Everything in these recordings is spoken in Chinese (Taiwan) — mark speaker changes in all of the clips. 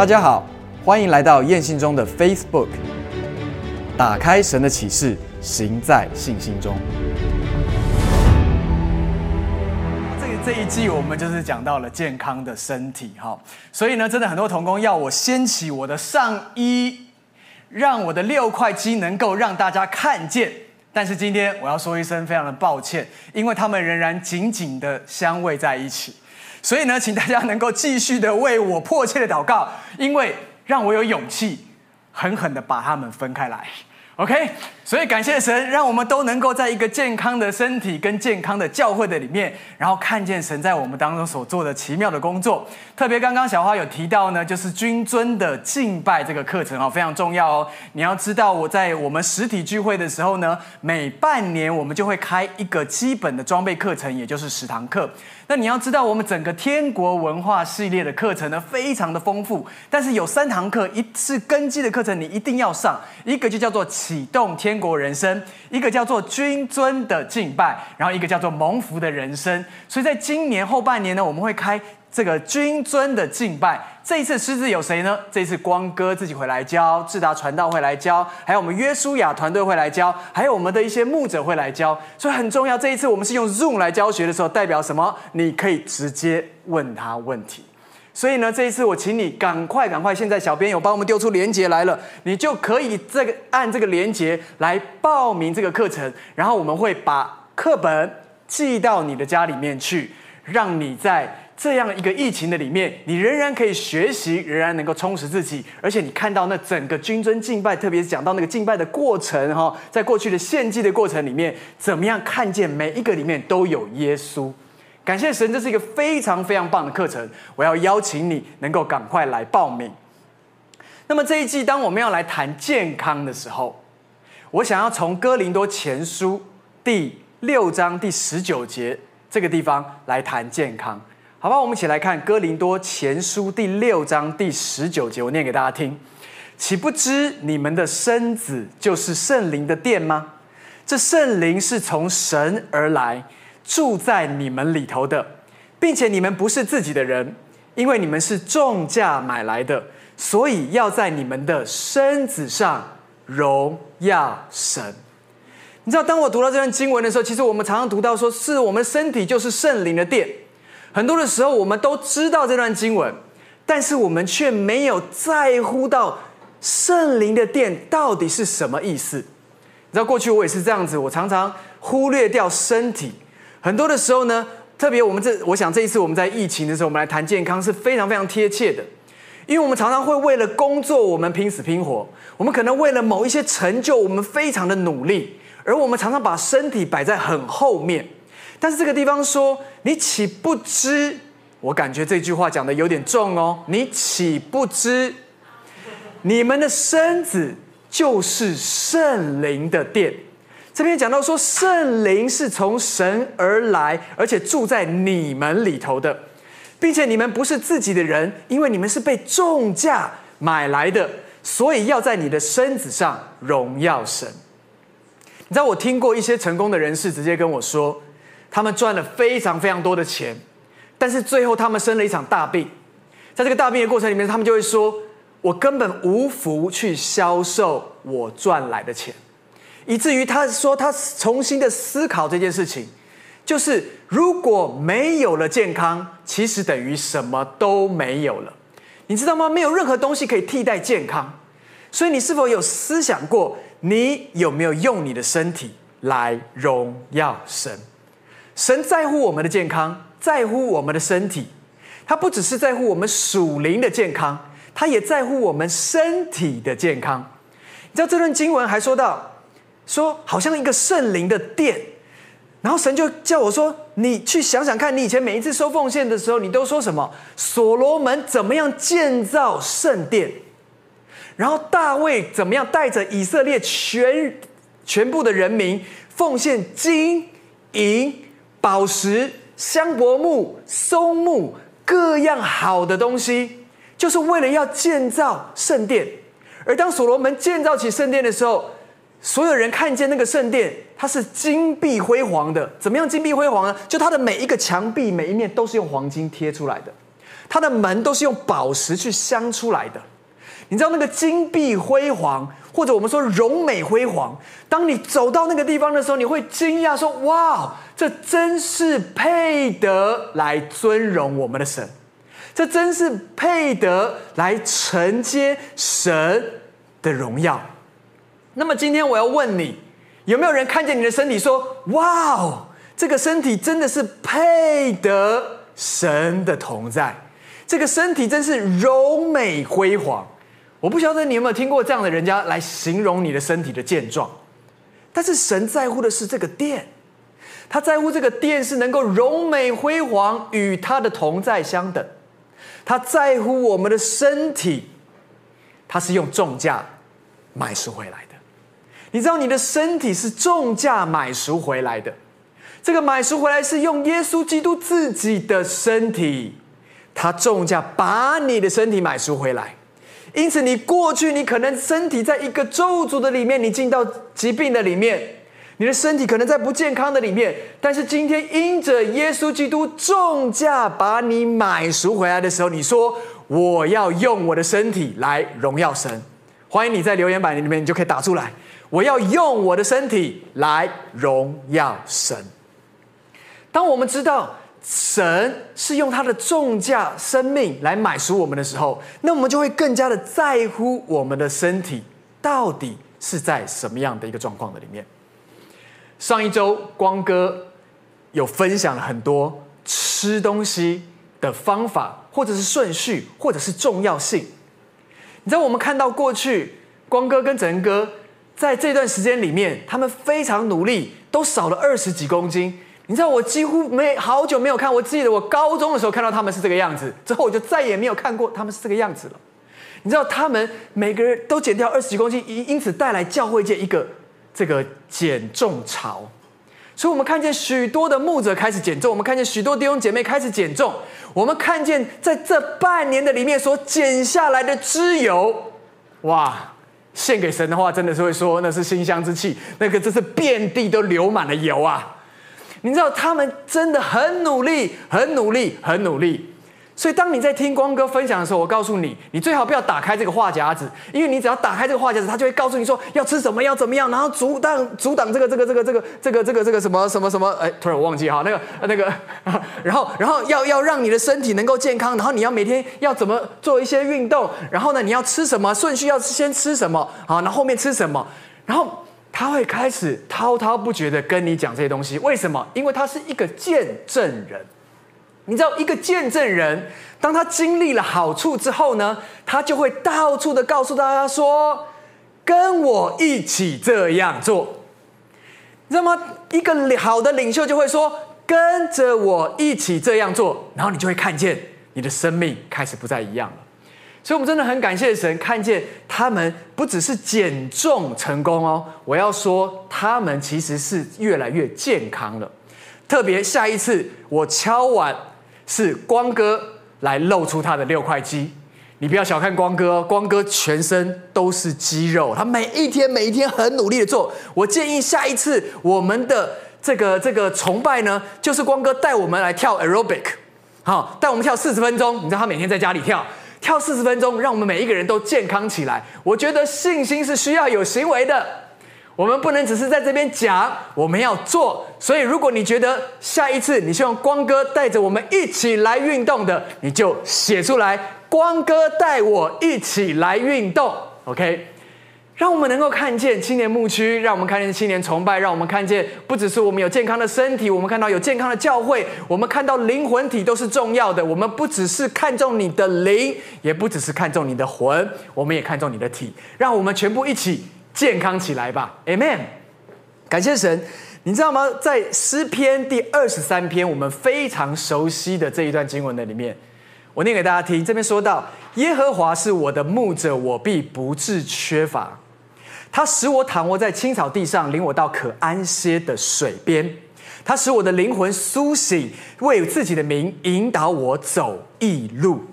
Speaker 1: 大家好，歡迎來到信心中的 Facebook，打開神的啟示，行在信心中。這這一季我們就是講到了健康的身體，哈，所以呢，真的很多同工要我掀起我的上衣，讓我的六塊肌能夠讓大家看見。但是今天我要說一聲非常的抱歉，因為他們仍然緊緊的相偎在一起。所以呢，請大家能夠繼續的為我迫切的禱告，因為讓我有勇氣狠狠的把他們分開來，OK？所以感謝神，讓我們都能夠在一個健康的身體跟健康的教會的裡面，然後看見神在我們當中所做的奇妙的工作。特別剛剛小花有提到呢，就是君尊的敬拜這個課程啊，非常重要哦。你要知道，我在我們實體聚會的時候呢，每半年我們就會開一個基本的裝備課程，也就是十堂課。那你要知道，我們整個天國文化系列的課程呢，非常的豐富，但是有三堂課，一次根基的課程，你一定要上，一個就叫做啟動天國人生，一個叫做君尊的敬拜，然後一個叫做蒙福的人生。所以在今年後半年呢，我們會開這個君尊的敬拜。這一次師資有誰呢？這一次光哥自己會來教，智達傳道會來教，還有我們約書亞團隊會來教，還有我們的一些牧者會來教。所以很重要，這一次我們是用 Zoom 來教學的時候，代表什麼？你可以直接問他問題。所以呢，這一次我請你趕快趕快，現在小編有幫我們丟出鏈接來了，你就可以這個按這個鏈接來報名這個課程，然後我們會把課本寄到你的家裡面去，讓你在這樣一個疫情的裡面，你仍然可以學習，仍然能夠充實自己，而且你看到那整個君尊敬拜，特別是講到那個敬拜的過程哈、哦，在過去的獻祭的過程裡面，怎麼樣看見每一個裡面都有耶穌。感謝神，這是一個非常非常棒的課程。我要邀請你能夠趕快來報名。那麼這一季，當我們要來談健康的時候，我想要從《哥林多前書》第六章第十九節這個地方來談健康，好吧？我們一起來看《哥林多前書》第六章第十九節，我念給大家聽：豈不知你們的身子就是聖靈的殿嗎？這聖靈是從神而來。住在你們裡頭的，並且你們不是自己的人，因為你們是重價買來的，所以要在你們的身子上榮耀神。你知道，當我讀到這段經文的時候，其實我們常常讀到說，是我們身體就是聖靈的殿。很多的時候，我們都知道這段經文，但是我們卻沒有在乎到聖靈的殿到底是什麼意思。你知道，過去我也是這樣子，我常常忽略掉身體。很多的時候呢，特別我們這，我想這一次我們在疫情的時候，我們來談健康是非常非常貼切的，因為我們常常會為了工作，我們拼死拼活；我們可能為了某一些成就，我們非常的努力，而我們常常把身體擺在很後面。但是這個地方說：“你豈不知？”我感覺這句話講得有點重哦，“你豈不知？”你們的身子就是聖靈的殿。這邊講到說，聖靈是從神而來，而且住在你們裡頭的，並且你們不是自己的人，因為你們是被重價買來的，所以要在你的身子上榮耀神。你知道，我聽過一些成功的人士直接跟我說，他們賺了非常非常多的錢，但是最後他們生了一場大病，在這個大病的過程裡面，他們就會說：“我根本無福去銷售我賺來的錢。”以至於他說他重新的思考這件事情，就是如果沒有了健康，其實等於什麼都沒有了，你知道嗎？沒有任何東西可以替代健康。所以你是否有思想過，你有沒有用你的身體來榮耀神？神在乎我們的健康，在乎我們的身體，他不只是在乎我們屬靈的健康，他也在乎我們身體的健康。你知道這段經文還說到。說好像一個聖靈的殿，然後神就叫我說：“你去想想看，你以前每一次收奉獻的時候，你都說什麼？所羅門怎麼樣建造聖殿？然後大衛怎麼樣帶着以色列全全部的人民奉獻金、銀、寶石、香柏木、松木各樣好的東西，就是為了要建造聖殿。而當所羅門建造起聖殿的時候。”所有人看見那個聖殿，它是金碧輝煌的。怎麼樣金碧輝煌呢？就它的每一個牆壁、每一面都是用黃金貼出來的，它的門都是用寶石去鑲出來的。你知道那個金碧輝煌，或者我們說榮美輝煌，當你走到那個地方的時候，你會驚訝說：“哇，這真是配得來尊榮我們的神，這真是配得來承接神的榮耀。”那麼今天我要問你，有沒有人看見你的身體，說：“哇哦，這個身體真的是配得神的同在，這個身體真是柔美輝煌。”我不曉得你有沒有聽過這樣的人家來形容你的身體的健壯。但是神在乎的是這個殿，他在乎這個殿是能夠柔美輝煌與他的同在相等，他在乎我們的身體，他是用重價買贖回來的。你知道你的身體是重價買贖回來的，這個買贖回來是用耶穌基督自己的身體，他重價把你的身體買贖回來。因此，你過去你可能身體在一個咒詛的裡面，你進到疾病的裡面，你的身體可能在不健康的裡面。但是今天，因着耶穌基督重價把你買贖回來的時候，你說我要用我的身體來榮耀神。歡迎你在留言板裡面，你就可以打出來。我要用我的身體來榮耀神。當我們知道神是用他的重價生命來買贖我們的時候，那我們就會更加的在乎我們的身體到底是在什麼樣的一個狀況的裡面。上一周光哥有分享了很多吃東西的方法，或者是順序，或者是重要性。你知道，我們看到過去光哥跟整哥。在這段時間裡面，他們非常努力，都少了二十幾公斤。你知道，我幾乎沒好久沒有看，我記得我高中的時候看到他們是這個樣子，之後我就再也沒有看過他們是這個樣子了。你知道，他們每個人都減掉二十幾公斤，因因此帶來教會界一個這個減重潮。所以我們看見許多的牧者開始減重，我們看見許多弟兄姐妹開始減重，我們看見在這半年的裡面所減下來的脂油，哇！獻給神的話，真的是會說那是馨香之氣，那個真是遍地都流滿了油啊！你知道他們真的很努力，很努力，很努力。所以，當你在聽光哥分享的時候，我告訴你，你最好不要打開這個話匣子，因為你只要打開這個話匣子，他就會告訴你說要吃什麼，要怎麼樣，然後阻擋阻擋這個這個這個這個這個這個這個什麼什麼什麼？哎，突然我忘記哈，那個那個，然後然後要要讓你的身體能夠健康，然後你要每天要怎麼做一些運動，然後呢，你要吃什麼順序要先吃什麼好，然後後面吃什麼？然後他會開始滔滔不絕的跟你講這些東西，為什麼？因為他是一個見證人。你知道一個見證人，當他經歷了好處之後呢，他就會到處的告訴大家說：“跟我一起這樣做。”你知道嗎？一個好的領袖就會說：“跟着我一起這樣做。”然後你就會看見你的生命開始不再一樣了。所以，我們真的很感謝神，看見他們不只是減重成功哦，我要說他們其實是越來越健康了。特別下一次我敲碗。是光哥來露出他的六塊肌，你不要小看光哥哦，光哥全身都是肌肉，他每一天每一天很努力的做。我建議下一次我們的這個這個崇拜呢，就是光哥帶我們來跳 aerobic，好，帶我們跳四十分鐘。你知道他每天在家裡跳跳四十分鐘，讓我們每一個人都健康起來。我覺得信心是需要有行為的。我們不能只是在這邊講，我們要做。所以，如果你覺得下一次你希望光哥帶着我們一起來運動的，你就寫出來。光哥帶我一起來運動，OK？讓我們能夠看見青年牧區，讓我們看見青年崇拜，讓我們看見不只是我們有健康的身體，我們看到有健康的教會，我們看到靈魂體都是重要的。我們不只是看重你的靈，也不只是看重你的魂，我們也看重你的體。讓我們全部一起健康起來吧，Amen！感謝神，你知道嗎？在詩篇第二十三篇，我們非常熟悉的這一段經文的裡面，我念給大家聽。這邊說到：“耶和華是我的牧者，我必不致缺乏。他使我躺臥在青草地上，領我到可安歇的水邊。他使我的靈魂甦醒，為自己的名引導我走義路。”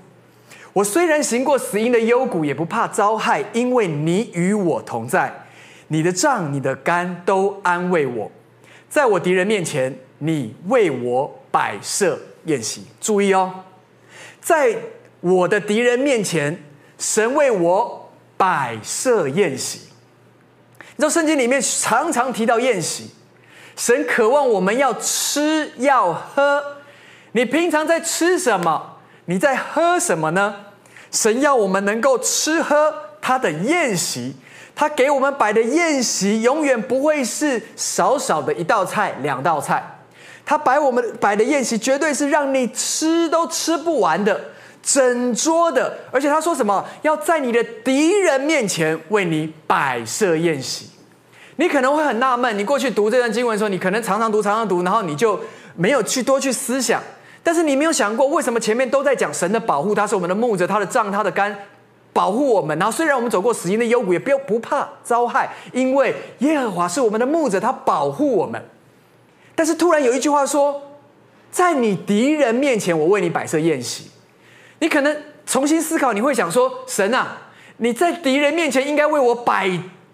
Speaker 1: 我雖然行過死蔭的幽谷，也不怕遭害，因為你與我同在。你的杖、你的竿都安慰我。在我敵人面前，你為我擺設宴席。注意哦，在我的敵人面前，神為我擺設宴席。你知道聖經裡面常常提到宴席，神渴望我們要吃要喝。你平常在吃什麼？你在喝什麼呢？神要我們能夠吃喝他的宴席，他給我們擺的宴席永遠不會是少少的一道菜、兩道菜，他擺我們擺的宴席絕對是讓你吃都吃不完的整桌的。而且他說什麼，要在你的敵人面前為你擺設宴席。你可能會很納悶，你過去讀這段經文的時候，你可能常常讀、常常讀，然後你就沒有去多去思想。但是你沒有想過，為什麼前面都在講神的保護？他是我們的牧者，他的杖、他的竿保護我們。然後雖然我們走過死蔭的幽谷，也不要不怕遭害，因為耶和華是我們的牧者，他保護我們。但是突然有一句話說，在你敵人面前，我為你擺設宴席。你可能重新思考，你會想說：神啊，你在敵人面前應該為我擺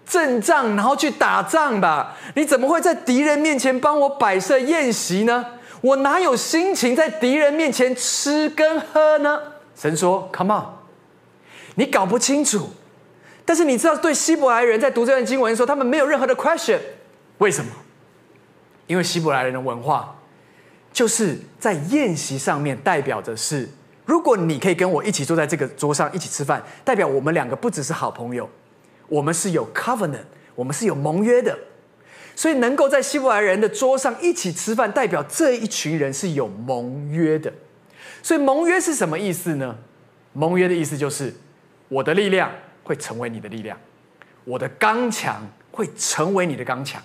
Speaker 1: 陣仗，然後去打仗吧？你怎麼會在敵人面前幫我擺設宴席呢？我哪有心情在敵人面前吃跟喝呢？神說：“Come on，你搞不清楚。但是你知道，對希伯來人在讀這段經文的時候，他們沒有任何的 question，為什麼？因為希伯來人的文化就是在宴席上面代表的是，如果你可以跟我一起坐在這個桌上一起吃飯，代表我們兩個不只是好朋友，我們是有 covenant，我們是有盟約的。”所以能夠在希伯來人的桌上一起吃飯，代表這一群人是有盟約的。所以盟約是什麼意思呢？盟約的意思就是，我的力量會成為你的力量，我的剛強會成為你的剛強。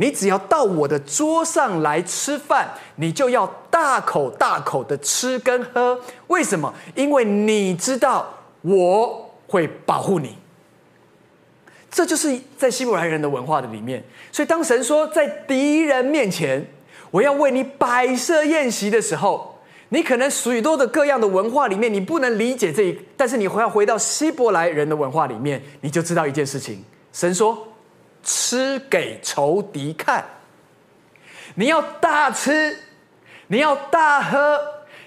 Speaker 1: 你只要到我的桌上來吃飯，你就要大口大口的吃跟喝。為什麼？因為你知道我會保護你。這就是在希伯來人的文化的裡面，所以當神說在敵人面前我要為你擺設宴席的時候，你可能許多的各樣的文化裡面你不能理解這一，但是你還要回到希伯來人的文化裡面，你就知道一件事情：神說，吃給仇敵看，你要大吃，你要大喝，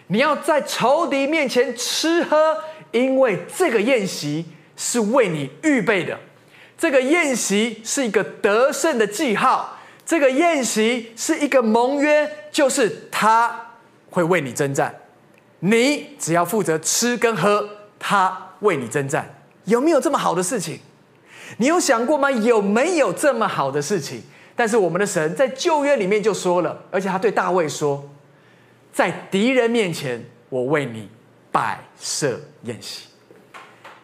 Speaker 1: 你要在仇敵面前吃喝，因為這個宴席是為你預備的。這個宴席是一個得勝的記號，這個宴席是一個盟約，就是他會為你征戰，你只要負責吃跟喝，他為你征戰，有沒有這麼好的事情？你有想過嗎？有沒有這麼好的事情？但是我們的神在舊約裡面就說了，而且他對大衛說，在敵人面前我為你擺設宴席，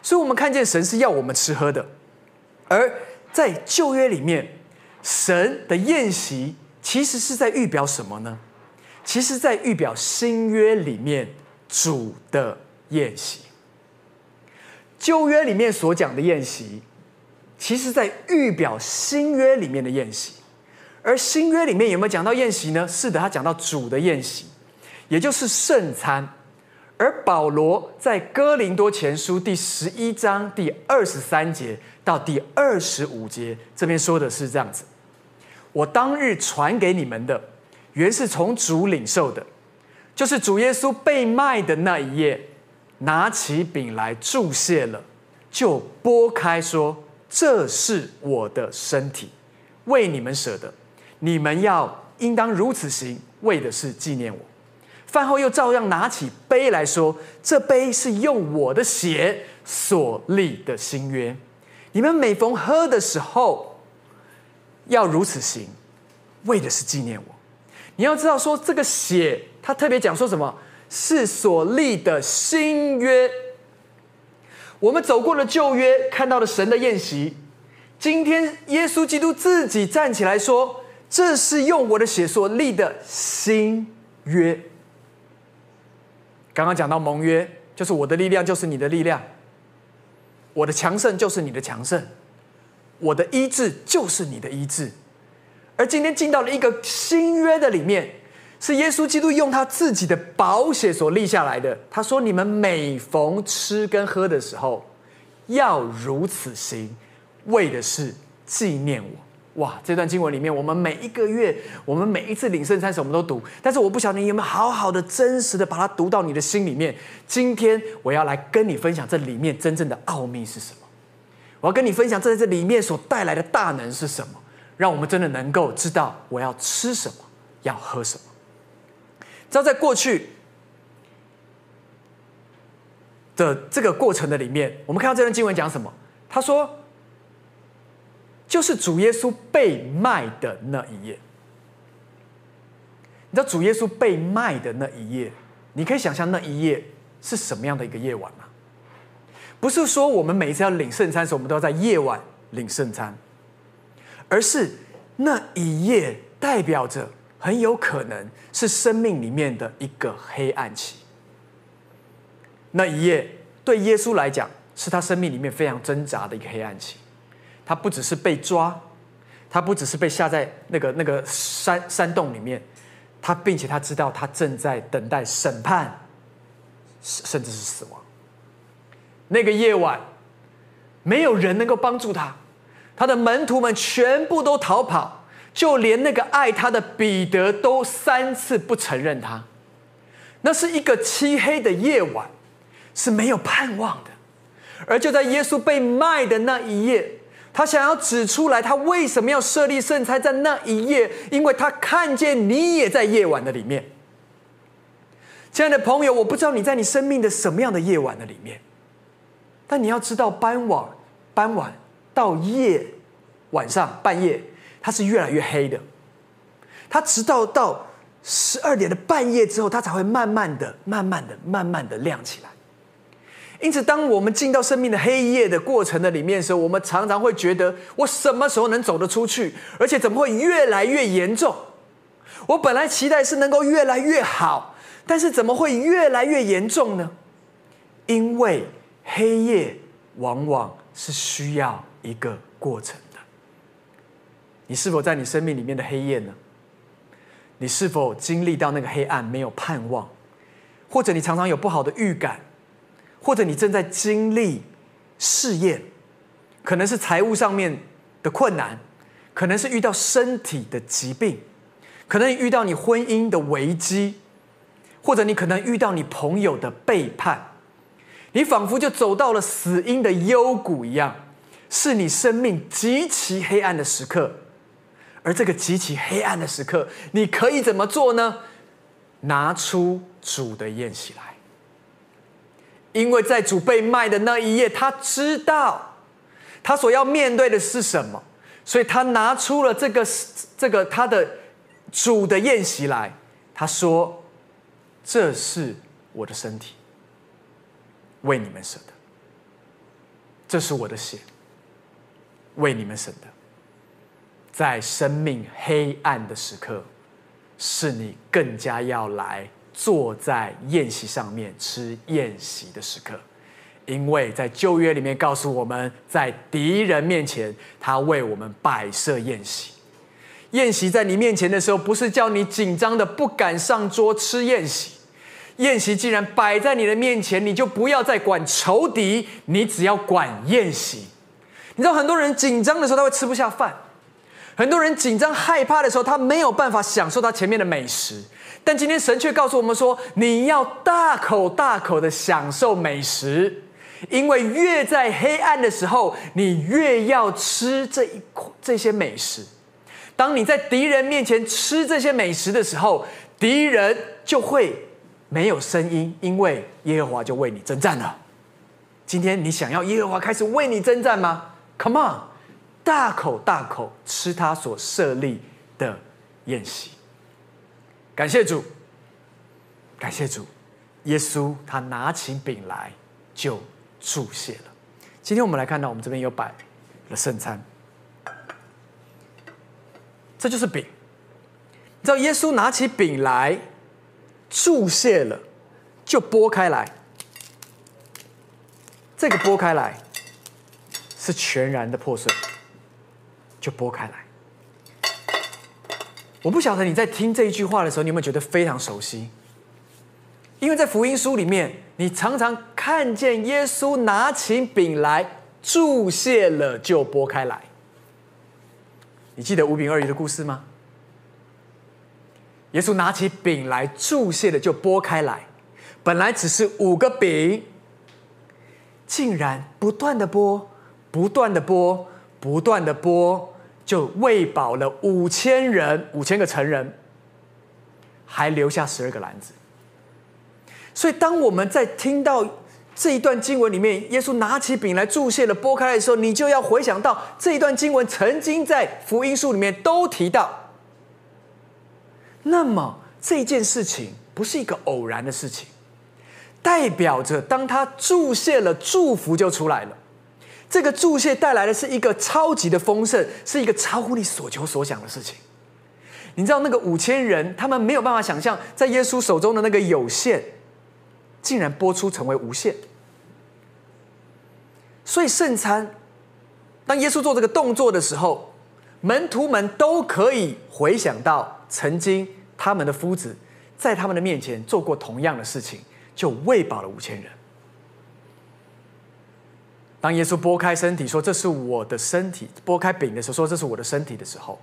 Speaker 1: 所以我們看見神是要我們吃喝的。而在舊約裡面，神的宴席，其實是在預表什麼呢？其實，在預表新約裡面主的宴席。舊約裡面所講的宴席，其實，在預表新約裡面的宴席。而新約裡面有沒有講到宴席呢？是的，他講到主的宴席，也就是聖餐。而保羅在哥林多前書第十一章第二十三節，到第二十五節，這邊說的是這樣子：我當日傳給你們的，原是從主領受的，就是主耶穌被賣的那一夜，拿起餅來祝謝了，就擘開說：“這是我的身體，為你們捨的。”你們要應當如此行，為的是紀念我。飯後又照樣拿起杯來說：“這杯是用我的血所立的新約。”你們每逢喝的時候，要如此行，為的是紀念我。你要知道，說這個血，它特別講說什麼，是所立的新約。我們走過了舊約，看到了神的筵席。今天，耶穌基督自己站起來說：“這是用我的血所立的新約。”剛剛講到盟約，就是我的力量，就是你的力量。我的強盛就是你的強盛，我的醫治就是你的醫治，而今天進到了一個新約的裡面，是耶穌基督用他自己的寶血所立下來的。他說：“你們每逢吃跟喝的時候，要如此行，為的是紀念我。”哇！這段經文裡面，我們每一個月，我們每一次領聖餐時，我們都讀。但是，我不曉得你有沒有好好的、真實的把它讀到你的心裡面。今天，我要來跟你分享這裡面真正的奧秘是什麼。我要跟你分享這這裡面所帶來的大能是什麼，讓我們真的能夠知道我要吃什麼，要喝什麼。只要在過去的這個過程的裡面，我們看到這段經文講什麼？他說。就是主耶穌被賣的那一夜，你知道主耶穌被賣的那一夜，你可以想象那一夜是什麼樣的一個夜晚嗎、啊？不是說我們每一次要領聖餐時，我們都要在夜晚領聖餐，而是那一夜代表着很有可能是生命裡面的一個黑暗期。那一夜對耶穌來講，是他生命裡面非常掙扎的一個黑暗期。他不只是被抓，他不只是被下在那個那個山山洞裡面，他並且他知道他正在等待審判，甚甚至是死亡。那個夜晚，沒有人能夠幫助他，他的門徒們全部都逃跑，就連那個愛他的彼得都三次不承認他。那是一個漆黑的夜晚，是沒有盼望的。而就在耶穌被賣的那一夜。他想要指出來，他為什麼要設立聖餐在那一夜？因為他看見你也在夜晚的裡面。親愛的朋友，我不知道你在你生命的什麼樣的夜晚的裡面，但你要知道，傍晚、傍晚到夜晚、上半夜，它是越來越黑的，它直到到十二點的半夜之後，它才會慢慢的、慢慢的、慢慢的亮起來。因此，當我們進到生命的黑夜的過程的裡面的時候，我們常常會覺得：我什麼時候能走得出去？而且怎麼會越來越嚴重？我本來期待是能夠越來越好，但是怎麼會越來越嚴重呢？因為黑夜往往是需要一個過程的。你是否在你生命裡面的黑夜呢？你是否經歷到那個黑暗，沒有盼望，或者你常常有不好的預感？或者你正在經歷試驗，可能是財務上面的困難，可能是遇到身體的疾病，可能遇到你婚姻的危機，或者你可能遇到你朋友的背叛，你仿佛就走到了死蔭的幽谷一樣，是你生命極其黑暗的時刻。而這個極其黑暗的時刻，你可以怎麼做呢？拿出主的筵席來。因為在主被賣的那一夜，他知道他所要面對的是什麼，所以他拿出了這個這個他的主的宴席來。他說：“這是我的身體，為你們捨的；這是我的血，為你們捨的。在生命黑暗的時刻，是你更加要來。”坐在宴席上面吃宴席的時刻，因為在舊約裡面告訴我們，在敵人面前，他為我們擺設宴席。宴席在你面前的時候，不是叫你緊張的不敢上桌吃宴席。宴席既然擺在你的面前，你就不要再管仇敵，你只要管宴席。你知道很多人緊張的時候他會吃不下飯，很多人緊張害怕的時候他沒有辦法享受他前面的美食。但今天神卻告訴我們說：“你要大口大口的享受美食，因為越在黑暗的時候，你越要吃這一這些美食。當你在敵人面前吃這些美食的時候，敵人就會沒有聲音，因為耶和華就為你征戰了。今天你想要耶和華開始為你征戰嗎？Come on，大口大口吃他所設立的宴席。”感謝主，感謝主，耶穌他拿起餅來就祝謝了。今天我們來看到，我們這邊有擺的聖餐，這就是餅。你知道耶穌拿起餅來祝謝了，就剝開來，這個剝開來是全然的破碎，就剝開來。我不曉得你在聽這一句話的時候，你有沒有覺得非常熟悉？因為在福音書裡面，你常常看見耶穌拿起餅來祝謝了，就剝開來。你記得五餅二魚的故事嗎？耶穌拿起餅來祝謝了，就剝開來。本來只是五個餅，竟然不斷的剝，不斷的剝，不斷的剝。就餵飽了五千人，五千個成人，還留下十二個籃子。所以，當我們在聽到這一段經文裡面，耶穌拿起餅來祝謝了，剝開來的時候，你就要回想到這一段經文曾經在福音書裡面都提到。那麼，這件事情不是一個偶然的事情，代表着當他祝謝了，祝福就出來了。這個祝謝帶來的是一個超級的豐盛，是一個超乎你所求所想的事情。你知道那個五千人，他們沒有辦法想象，在耶穌手中的那個有限，竟然擘出成為無限。所以聖餐，當耶穌做這個動作的時候，門徒們都可以回想到曾經他們的夫子在他們的面前做過同樣的事情，就餵飽了五千人。當耶穌剝開身體說：“這是我的身體。”剝開餅的時候說：“這是我的身體的時候，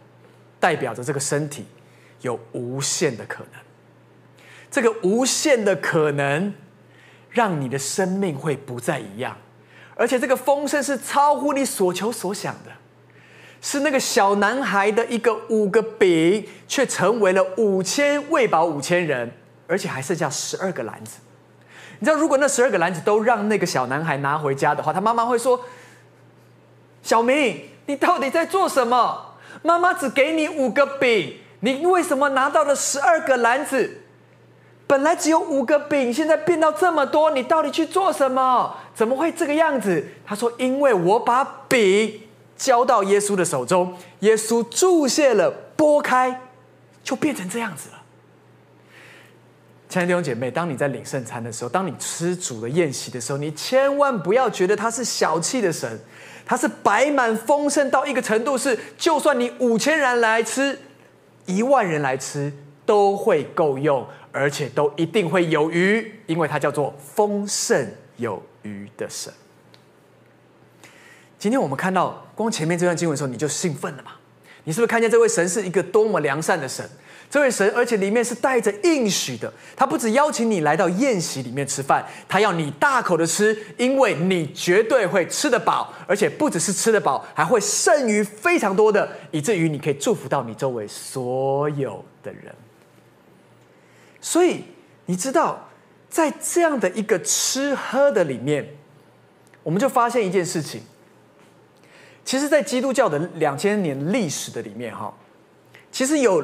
Speaker 1: 代表着這個身體有無限的可能。這個無限的可能，讓你的生命會不再一樣。而且這個豐盛是超乎你所求所想的，是那個小男孩的一個五個餅，卻成為了五千，餵飽五千人，而且還剩下十二個籃子。”你知道，如果那十二個籃子都讓那個小男孩拿回家的話，他媽媽會說：“小明，你到底在做什麼？媽媽只給你五個餅，你為什麼拿到了十二個籃子？本來只有五個餅，現在變到這麼多，你到底去做什麼？怎麼會這個樣子？”他說：“因為我把餅交到耶穌的手中，耶穌祝謝了，擘開，就變成這樣子了。”親愛的弟兄姐妹，當你在領聖餐的時候，當你吃主的宴席的時候，你千萬不要覺得他是小氣的神，他是擺滿豐盛到一個程度，是就算你五千人來吃，一萬人來吃都會夠用，而且都一定會有餘，因為他叫做豐盛有餘的神。今天我們看到光前面這段經文的時候，你就興奮了嗎？你是不是看見這位神是一個多麼良善的神？這位神，而且裡面是帶着應許的。他不止邀請你來到宴席裡面吃飯，他要你大口的吃，因為你絕對會吃得飽，而且不只是吃得飽，還會剩餘非常多的，以至於你可以祝福到你周圍所有的人。所以你知道，在這樣的一個吃喝的裡面，我們就發現一件事情。其實，在基督教的兩千年歷史的裡面，哈，其實有。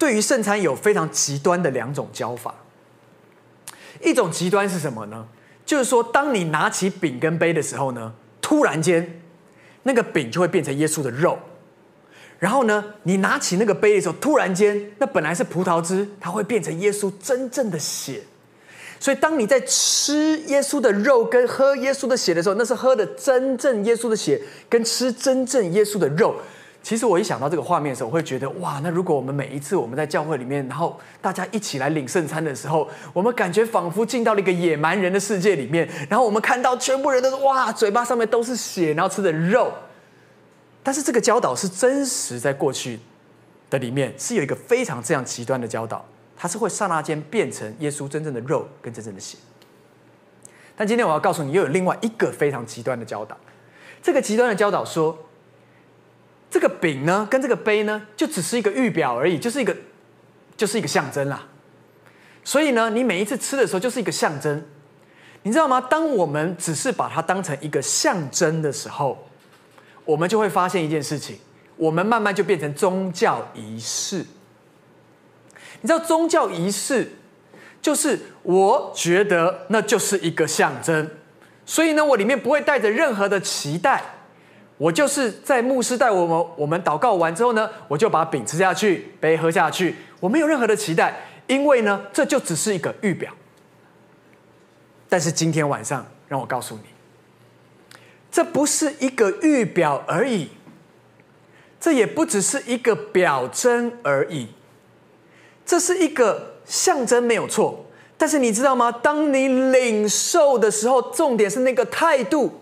Speaker 1: 對於聖餐有非常極端的兩種教法，一種極端是什麼呢？就是說，當你拿起餅跟杯的時候呢，突然間那個餅就會變成耶穌的肉，然後呢，你拿起那個杯的時候，突然間那本來是葡萄汁，它會變成耶穌真正的血。所以，當你在吃耶穌的肉跟喝耶穌的血的時候，那是喝的真正耶穌的血，跟吃真正耶穌的肉。其實我一想到這個畫面的時候，我會覺得哇，那如果我們每一次我們在教會裡面，然後大家一起來領聖餐的時候，我們感覺仿佛進到了一個野蠻人的世界裡面，然後我們看到全部人都是哇，嘴巴上面都是血，然後吃的肉。但是這個教導是真實，在過去的裡面是有一個非常這樣極端的教導，它是會剎那間變成耶穌真正的肉跟真正的血。但今天我要告訴你，又有另外一個非常極端的教導，這個極端的教導說。這個餅呢，跟這個杯呢，就只是一個預表而已，就是一個，就是一個象徵啦。所以呢，你每一次吃的時候，就是一個象徵。你知道嗎？當我們只是把它當成一個象徵的時候，我們就會發現一件事情，我們慢慢就變成宗教儀式。你知道，宗教儀式就是我覺得那就是一個象徵，所以呢，我裡面不會帶着任何的期待。我就是在牧師帶我們，我們禱告完之後呢，我就把餅吃下去，杯喝下去。我沒有任何的期待，因為呢，這就只是一個預表。但是今天晚上，讓我告訴你，這不是一個預表而已，這也不只是一個表徵而已，這是一個象徵，沒有錯。但是你知道嗎？當你領受的時候，重點是那個態度。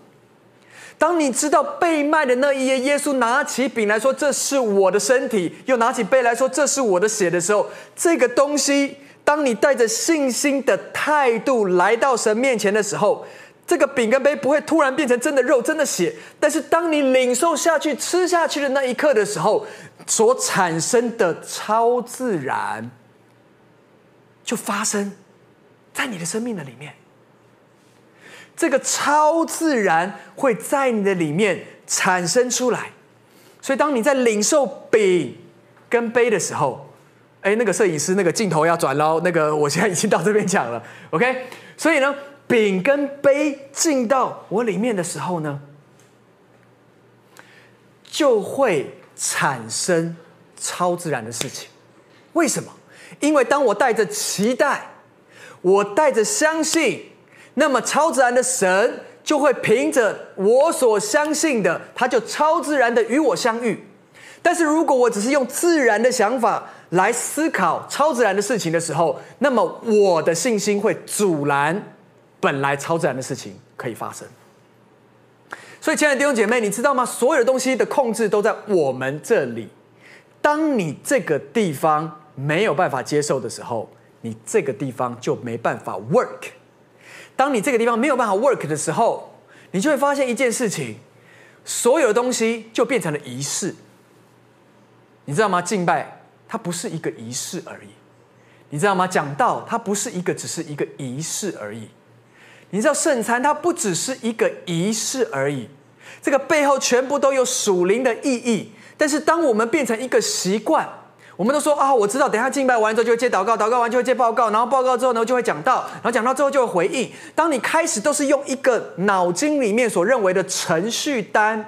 Speaker 1: 當你知道被賣的那一頁，耶穌拿起餅來說：“這是我的身體。”又拿起杯來說：“這是我的血。”的時候，這個東西，當你帶着信心的態度來到神面前的時候，這個餅跟杯不會突然變成真的肉、真的血。但是，當你領受下去、吃下去的那一刻的時候，所產生的超自然，就發生在你的生命的裡面。這個超自然會在你的裡面產生出來，所以當你在領受餅跟杯的時候，哎，那個攝影師那個鏡頭要轉嘍，那個我現在已經到這邊講了，OK？所以呢，餅跟杯進到我裡面的時候呢，就會產生超自然的事情。為什麼？因為當我帶着期待，我帶着相信。那麼超自然的神就會憑着我所相信的，他就超自然的與我相遇。但是如果我只是用自然的想法來思考超自然的事情的時候，那麼我的信心會阻攔本來超自然的事情可以發生。所以親愛的弟兄姐妹，你知道嗎？所有的東西的控制都在我們這裡。當你這個地方沒有辦法接受的時候，你這個地方就沒辦法 work。當你這個地方沒有辦法 work 的時候，你就會發現一件事情，所有東西就變成了儀式，你知道嗎？敬拜它不是一個儀式而已，你知道嗎？講道它不是一個只是一個儀式而已，你知道聖餐它不只是一個儀式而已，這個背後全部都有屬靈的意義。但是當我們變成一個習慣。我們都說啊，我知道，等一下敬拜完之後就會接禱告，禱告完之後就會接報告，然後報告之後呢就會講道。然後講道之後就會回應。當你開始都是用一個腦筋裡面所認為的程序單，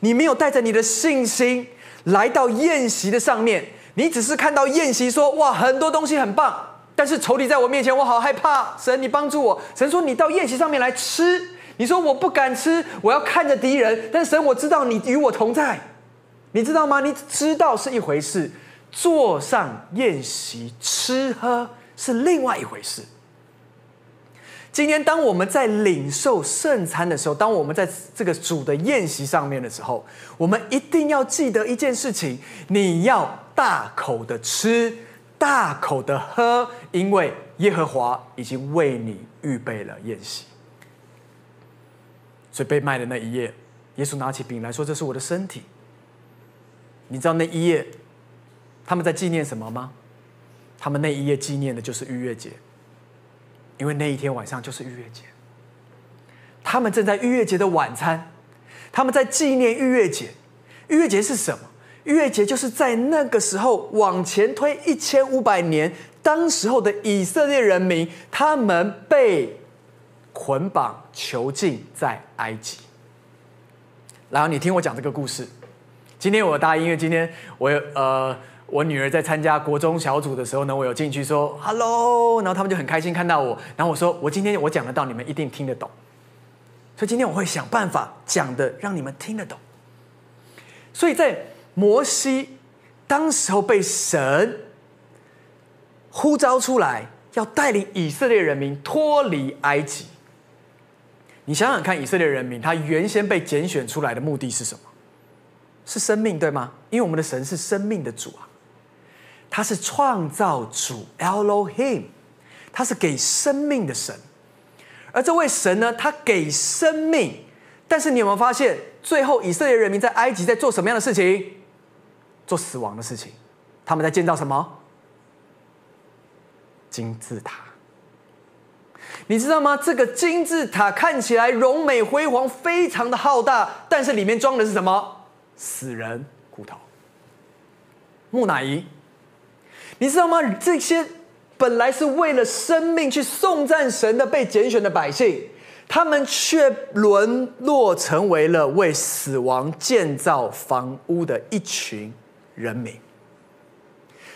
Speaker 1: 你沒有帶着你的信心來到宴席的上面，你只是看到宴席說，哇，很多東西很棒，但是仇敵在我面前，我好害怕。神，你幫助我。神說，你到宴席上面來吃，你說我不敢吃，我要看着敵人，但是神，我知道你與我同在，你知道嗎？你知道是一回事。坐上宴席吃喝是另外一回事。今天，當我們在領受聖餐的時候，當我們在這個主的宴席上面的時候，我們一定要記得一件事情：你要大口的吃，大口的喝，因為耶和華已經為你預備了宴席。所以被賣的那一夜，耶穌拿起餅來說：“這是我的身體。”你知道那一夜。他們在紀念什麼嗎？他們那一夜紀念的就是逾越節，因為那一天晚上就是逾越節。他們正在逾越節的晚餐，他們在紀念逾越節。逾越節是什麼？逾越節就是在那個時候往前推一千五百年，當時候的以色列人民，他們被捆綁囚禁在埃及。然後你聽我講這個故事。今天我答應，因為今天我有呃。我女兒在參加國中小組的時候呢，我有進去說 “hello”，然後他們就很開心看到我。然後我說：“我今天我講的道，你們一定聽得懂。”所以今天我會想辦法講的，讓你們聽得懂。所以在摩西當時候被神呼召出來，要帶領以色列人民脫離埃及。你想想看，以色列人民他原先被揀選出來的目的是什麼？是生命，對嗎？因為我們的神是生命的主啊。他是創造主 Elohim，他是給生命的神，而這位神呢，他給生命，但是你有沒有發現，最後以色列人民在埃及在做什麼樣的事情？做死亡的事情，他們在建造什麼？金字塔。你知道嗎？這個金字塔看起來榮美輝煌，非常的浩大，但是裡面裝的是什麼？死人骨頭，木乃伊。你知道嗎？這些本來是為了生命去頌讚神的被揀選的百姓，他們卻淪落成為了為死亡建造房屋的一群人民。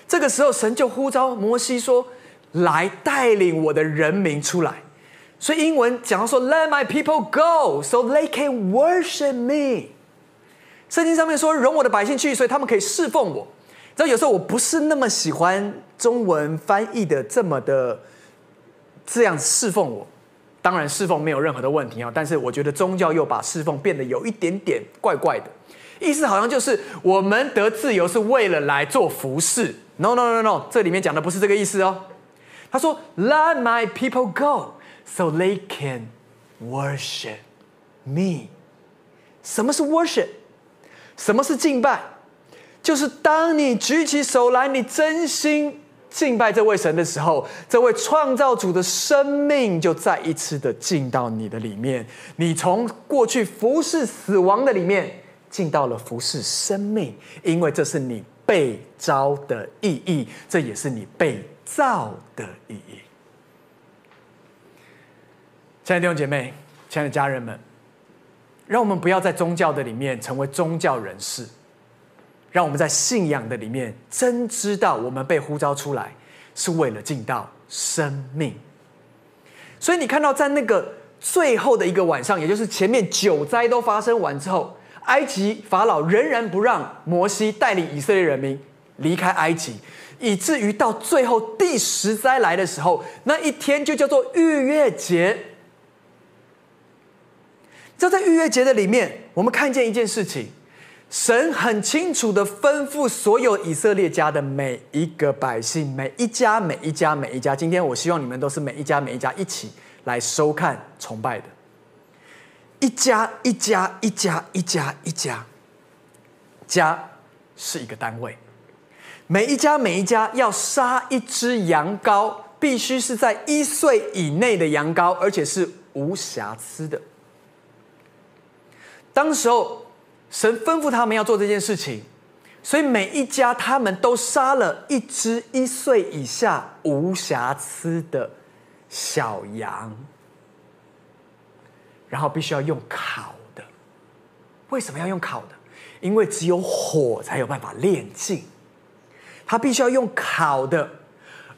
Speaker 1: 這個時候，神就呼召摩西說：“來帶領我的人民出來。”所以英文講到說：“Let my people go, so they can worship me。”聖經上面說：“容我的百姓去，所以他們可以侍奉我。”這有時候我不是那麼喜歡中文翻譯的這麼的這樣侍奉我，當然侍奉沒有任何的問題啊，但是我覺得宗教又把侍奉變得有一點點怪怪的，意思好像就是我們得自由是為了來做服侍，no, no, no, no，這裡面講的不是這個意思哦。他說，Let my people go, so they can worship me。什麼是 worship？什麼是敬拜？就是當你舉起手來，你真心敬拜這位神的時候，這位創造主的生命就再一次的進到你的裡面。你從過去服侍死亡的裡面，進到了服侍生命，因為這是你被召的意義，這也是你被造的意義。親愛的弟兄姐妹，親愛的家人們，讓我們不要在宗教的裡面成為宗教人士。讓我們在信仰的裡面，真知道我們被呼召出來，是為了進到生命。所以你看到，在那個最後的一個晚上，也就是前面九災都發生完之後，埃及法老仍然不讓摩西帶領以色列人民離開埃及，以至於到最後第十災來的時候，那一天就叫做逾越節。就在逾越節的裡面，我們看見一件事情。神很清楚的吩咐所有以色列家的每一個百姓，每一家、每一家、每一家。今天我希望你們都是每一家、每一家一起來收看、崇拜的。一家、一家、一家、一家、一家。家是一個單位，每一家、每一家要殺一隻羊羔，必須是在一歲以內的羊羔，而且是無瑕疵的。當時候。神吩咐他們要做這件事情，所以每一家他們都殺了一隻一歲以下無瑕疵的小羊，然後必須要用烤的。為什麼要用烤的？因為只有火才有辦法煉淨。他必須要用烤的，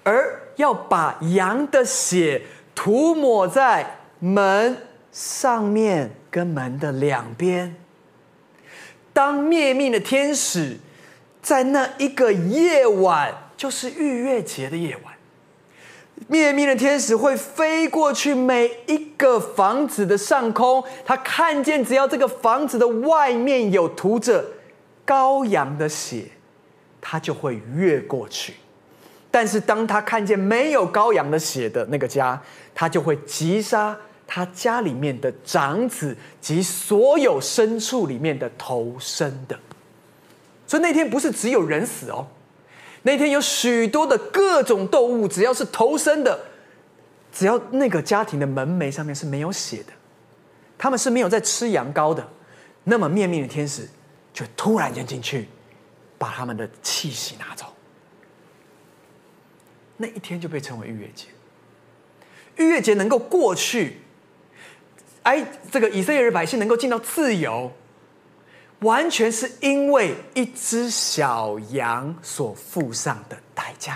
Speaker 1: 而要把羊的血塗抹在門上面跟門的兩邊。當滅命的天使在那一個夜晚，就是逾越節的夜晚，滅命的天使會飛過去每一個房子的上空，他看見只要這個房子的外面有塗着羔羊的血，他就會越過去；但是當他看見沒有羔羊的血的那個家，他就會擊殺。他家裡面的長子及所有牲畜裡面的頭生的，所以那天不是只有人死哦，那天有許多的各種動物，只要是頭生的，只要那個家庭的門楣上面是沒有血的，他們是沒有在吃羊羔的，那麼面面的天使就突然間進去，把他們的氣息拿走。那一天就被稱為逾越節，逾越節能夠過去。哎，這個以色列人百姓能夠進到自由，完全是因為一隻小羊所付上的代價。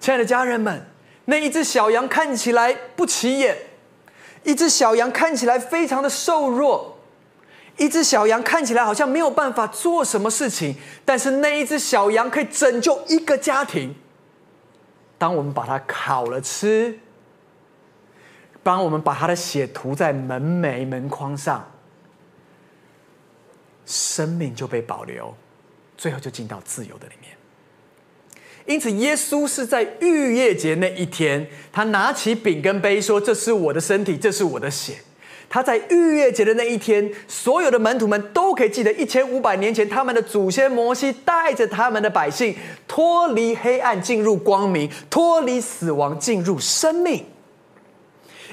Speaker 1: 親愛的家人們，那一隻小羊看起來不起眼，一隻小羊看起來非常的瘦弱，一隻小羊看起來好像沒有辦法做什麼事情，但是那一隻小羊可以拯救一個家庭。當我們把它烤了吃。幫我們把他的血塗在門楣、門框上，生命就被保留，最後就進到自由的裡面。因此，耶穌是在逾越節那一天，他拿起餅跟杯，說：“這是我的身體，這是我的血。”他在逾越節的那一天，所有的門徒們都可以記得，一千五百年前，他們的祖先摩西帶着他們的百姓，脫離黑暗，進入光明；脫離死亡，進入生命。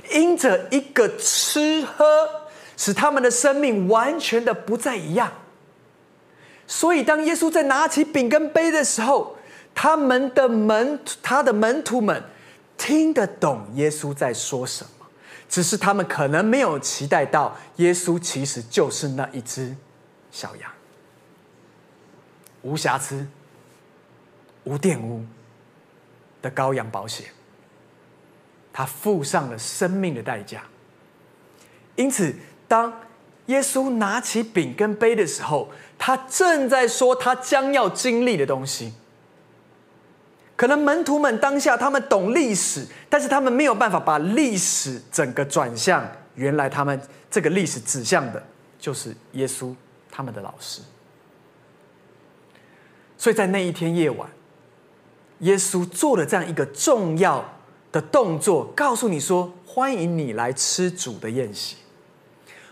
Speaker 1: 因着一個吃喝，使他們的生命完全的不再一樣。所以，當耶穌在拿起餅跟杯的時候，他們的門徒，他的門徒們聽得懂耶穌在說什麼，只是他們可能沒有期待到，耶穌其實就是那一隻小羊，無瑕疵、無玷污的羔羊寶血。他付上了生命的代價，因此，當耶穌拿起餅跟杯的時候，他正在說他將要經歷的東西。可能門徒們當下他們懂歷史，但是他們沒有辦法把歷史整個轉向。原來他們這個歷史指向的就是耶穌，他們的老師。所以在那一天夜晚，耶穌做了這樣一個重要的動作告訴你說：“歡迎你來吃主的宴席，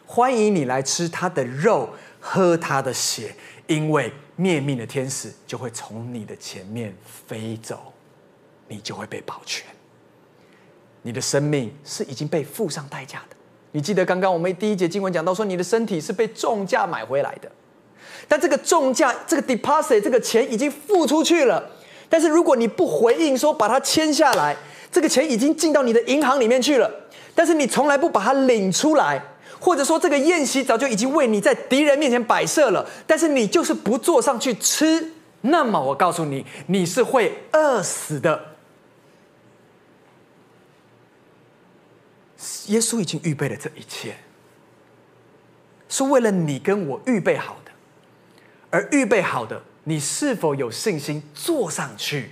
Speaker 1: 歡迎你來吃他的肉，喝他的血。因為滅命的天使就會從你的前面飛走，你就會被保全。你的生命是已經被付上代價的。你記得剛剛我們第一節經文講到說，你的身體是被重價買回來的，但這個重價、這個 deposit、這個錢已經付出去了。但是如果你不回應說把它簽下來。”這個錢已經進到你的銀行裡面去了，但是你從來不把它領出來，或者說這個宴席早就已經為你在敵人面前擺設了，但是你就是不坐上去吃，那麼我告訴你，你是會餓死的。耶穌已經預備了這一切，是為了你跟我預備好的，而預備好的，你是否有信心坐上去，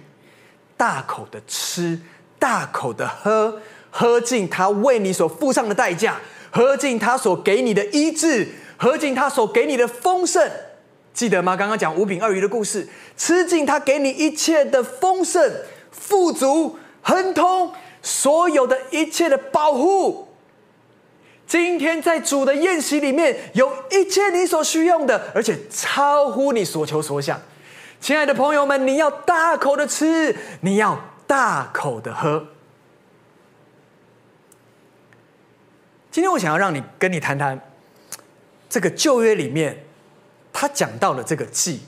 Speaker 1: 大口的吃？大口的喝，喝盡他為你所付上的代價，喝盡他所給你的醫治，喝盡他所給你的豐盛，記得嗎？剛剛講五餅二魚的故事，吃盡他給你一切的豐盛、富足、亨通，所有的一切的保護。今天在主的宴席裡面，有一切你所需要的，而且超乎你所求所想。親愛的朋友們，你要大口的吃，你要，大口的喝。今天我想要讓你跟你談談，這個舊約裡面，他講到了這個記，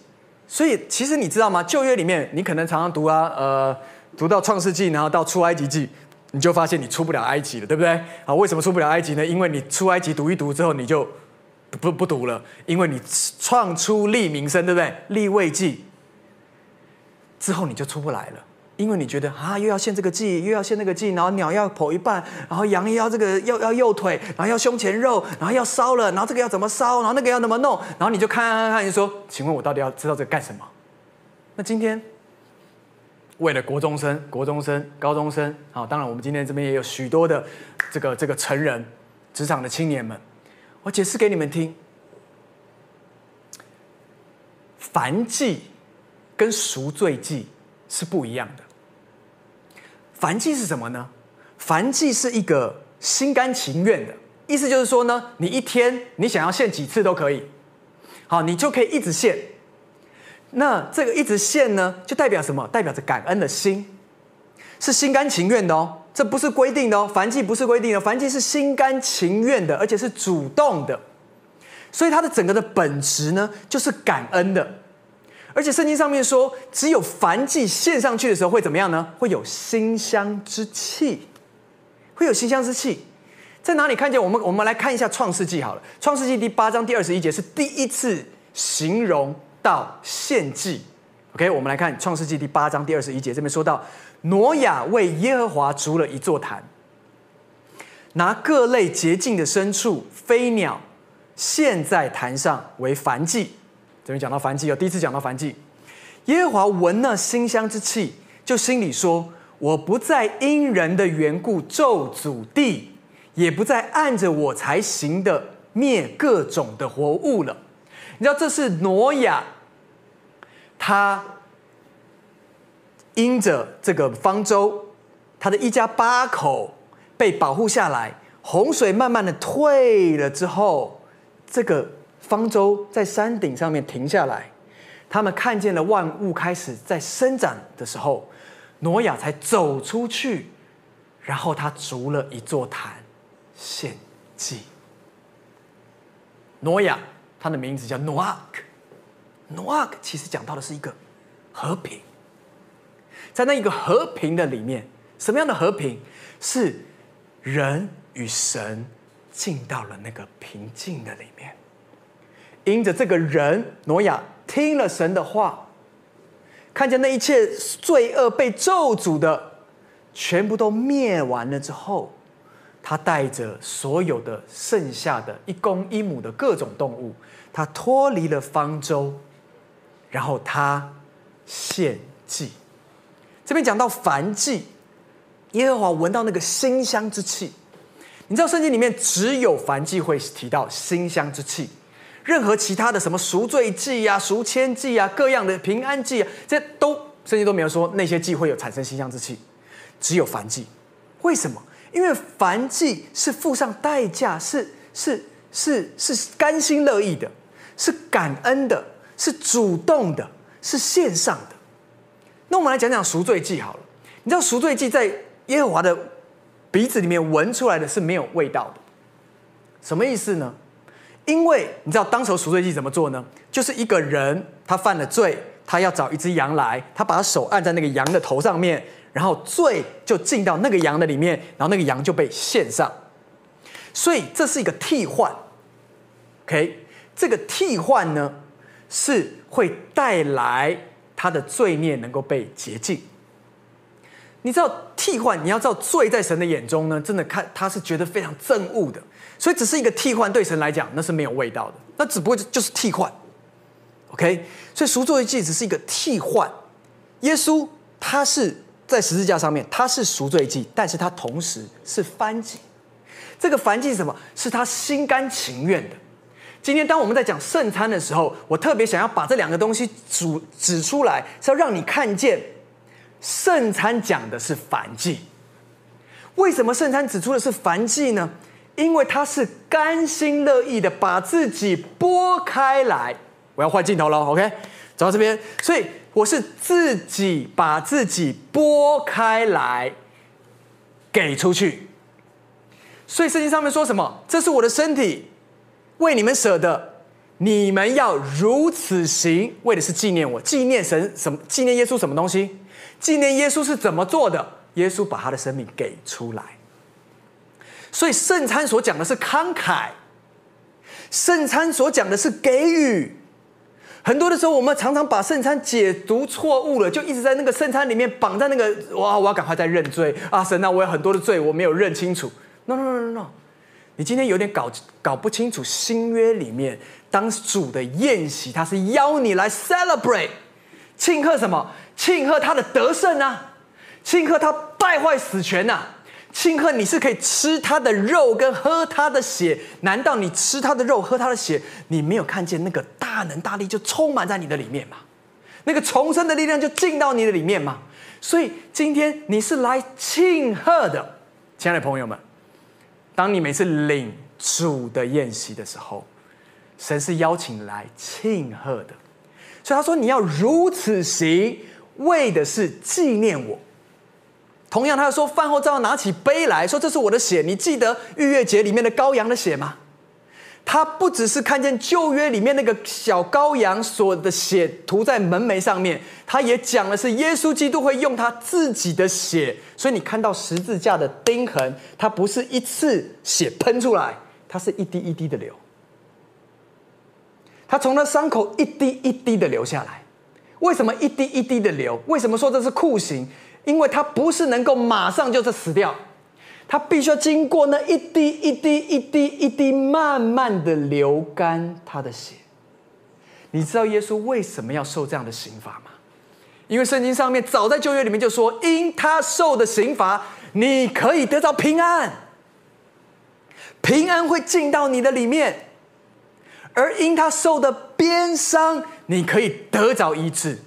Speaker 1: 所以其實你知道嗎？舊約裡面，你可能常常讀啊，呃，讀到創世記，然後到出埃及記，你就發現你出不了埃及了，對不對？啊，為什麼出不了埃及呢？因為你出埃及讀一讀之後，你就不不讀了，因為你創出利民申，對不對？利未記之後，你就出不來了。因為你覺得啊，又要獻這個祭，又要獻那個祭，然後鳥要剖一半，然後羊又要這個要要右腿，然後要胸前肉，然後要燒了，然後這個要怎麼燒，然後那個要怎麼弄，然後你就看看看，你說，請問我到底要知道這個幹什麼？那今天為了國中生、國中生、高中生，好，當然我們今天這邊也有許多的這個這個成人、職場的青年們，我解釋給你們聽，燔祭跟贖罪祭是不一樣的。燔祭是什麼呢？燔祭是一個心甘情願的意思，就是說呢，你一天你想要獻幾次都可以，好，你就可以一直獻。那這個一直獻呢，就代表什麼？代表着感恩的心，是心甘情願的哦。這不是規定的哦，燔祭不是規定的，燔祭是心甘情願的，而且是主動的。所以它的整個的本質呢，就是感恩的。而且聖經上面說，只有燔祭獻上去的時候會怎麼樣呢？會有馨香之氣，會有馨香之氣，在哪裡看見？我們我們來看一下創世記好了。創世記第八章第二十一節是第一次形容到獻祭。OK，我們來看創世記第八章第二十一節，這邊說到，挪亞為耶和華築了一座壇，拿各類潔淨的牲畜、飛鳥獻在壇上為燔祭。所以講到燔祭哦？第一次講到燔祭，耶和華聞那馨香之氣，就心裡說：“我不再因人的緣故咒詛地，也不再按着我才行的滅各種的活物了。”你知道這是挪亞，他因着這個方舟，他的一家八口被保護下來。洪水慢慢的退了之後，這個。方舟在山頂上面停下來，他們看見了萬物開始在生長的時候，挪亞才走出去，然後他築了一座壇，獻祭。挪亞他的名字叫諾亞克，諾亞克其實講到的是一個和平，在那一個和平的裡面，什麼樣的和平？是人與神進到了那個平靜的裡面。因着這個人，挪亞聽了神的話，看見那一切罪惡被咒詛的，全部都滅完了之後，他帶着所有的剩下的一公一母的各種動物，他脫離了方舟，然後他獻祭。這邊講到燔祭，耶和華聞到那個馨香之氣。你知道聖經裡面只有燔祭會提到馨香之氣。任何其他的什麼贖罪祭啊，贖愆祭啊，各樣的平安祭啊，這都甚至都沒有說那些祭會有產生馨香之氣，只有燔祭。為什麼？因為燔祭是付上代價，是是是是，是甘心樂意的，是感恩的，是主動的，是獻上的。那我們來講講贖罪祭好了。你知道贖罪祭在耶和華的鼻子裡面聞出來的是沒有味道的，什麼意思呢？因為你知道，當時贖罪祭怎麼做呢？就是一個人他犯了罪，他要找一隻羊來，他把他手按在那個羊的頭上面，然後罪就進到那個羊的裡面，然後那個羊就被獻上。所以這是一個替換，OK？這個替換呢，是會帶來他的罪孽能夠被潔淨。你知道替換？你要知道，罪在神的眼中呢，真的看他是覺得非常憎惡的。所以，只是一個替換。對神來講，那是沒有味道的。那只不過就是替換，OK？所以贖罪祭只是一個替換。耶穌他是在十字架上面，他是贖罪祭，但是他同時是燔祭。這個燔祭是什麼？是他心甘情願的。今天當我們在講聖餐的時候，我特別想要把這兩個東西指指出來，是要讓你看見聖餐講的是燔祭。為什麼聖餐指出的是燔祭呢？因為他是甘心樂意的把自己擘開來。我要換鏡頭了，OK，走到這邊，所以我是自己把自己擘開來給出去。所以聖經上面說什麼？這是我的身體，為你們舍的，你們要如此行，為的是紀念我。紀念神什麼？紀念耶穌什麼東西？紀念耶穌是怎麼做的？耶穌把他的生命給出來。所以聖餐所講的是慷慨，聖餐所講的是給予。很多的時候，我們常常把聖餐解讀錯誤了，就一直在那個聖餐裡面綁在那個，哇！我要趕快再認罪啊，神啊，那我有很多的罪我沒有認清楚。No，No，No，No，no, no, no, no. 你今天有點搞搞不清楚新約裡面當主的宴席，他是邀你來 celebrate，慶賀什麼？慶賀他的得勝呢、啊？慶賀他敗壞死權呢、啊？慶賀你是可以吃他的肉跟喝他的血，難道你吃他的肉喝他的血，你沒有看見那個大能大力就充滿在你的裡面嗎？那個重生的力量就進到你的裡面嗎？所以今天你是來慶賀的，親愛的朋友們，當你每次領主的宴席的時候，神是邀請來慶賀的，所以他說你要如此行，為的是紀念我。同樣，他說飯後照樣拿起杯來說：“這是我的血。”你記得逾越節裡面的羔羊的血嗎？他不只是看見舊約裡面那個小羔羊所的血塗在門楣上面，他也講的是耶穌基督會用他自己的血。所以你看到十字架的釘痕，它不是一次血噴出來，它是一滴一滴的流。他從那傷口一滴一滴的流下來。為什麼一滴一滴的流？為什麼說這是酷刑？因為他不是能夠馬上就是死掉，他必須要經過那一滴、一滴一滴一滴一滴慢慢的流乾他的血。你知道耶穌為什麼要受這樣的刑罰嗎？因為聖經上面早在舊約裡面就說：因他受的刑罰，你可以得到平安，平安會進到你的裡面；而因他受的鞭傷，你可以得着醫治。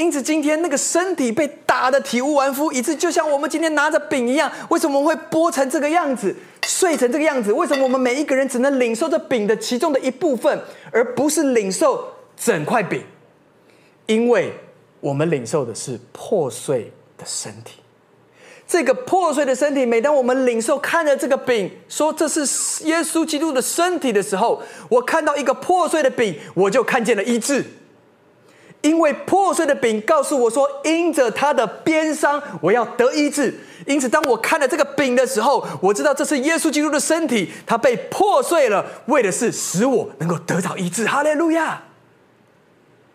Speaker 1: 因此，今天那個身體被打得體無完膚，以致就像我們今天拿着餅一樣，為什麼我們會剝成這個樣子，碎成這個樣子？為什麼我們每一個人只能領受這餅的其中的一部分，而不是領受整塊餅？因為我們領受的是破碎的身體。這個破碎的身體，每當我們領受看着這個餅，說這是耶穌基督的身體的時候，我看到一個破碎的餅，我就看見了醫治。因為破碎的餅告訴我說，因着他的鞭傷，我要得醫治。因此，當我看了這個餅的時候，我知道這是耶穌基督的身體，他被破碎了，為的是使我能夠得到醫治。哈利路亞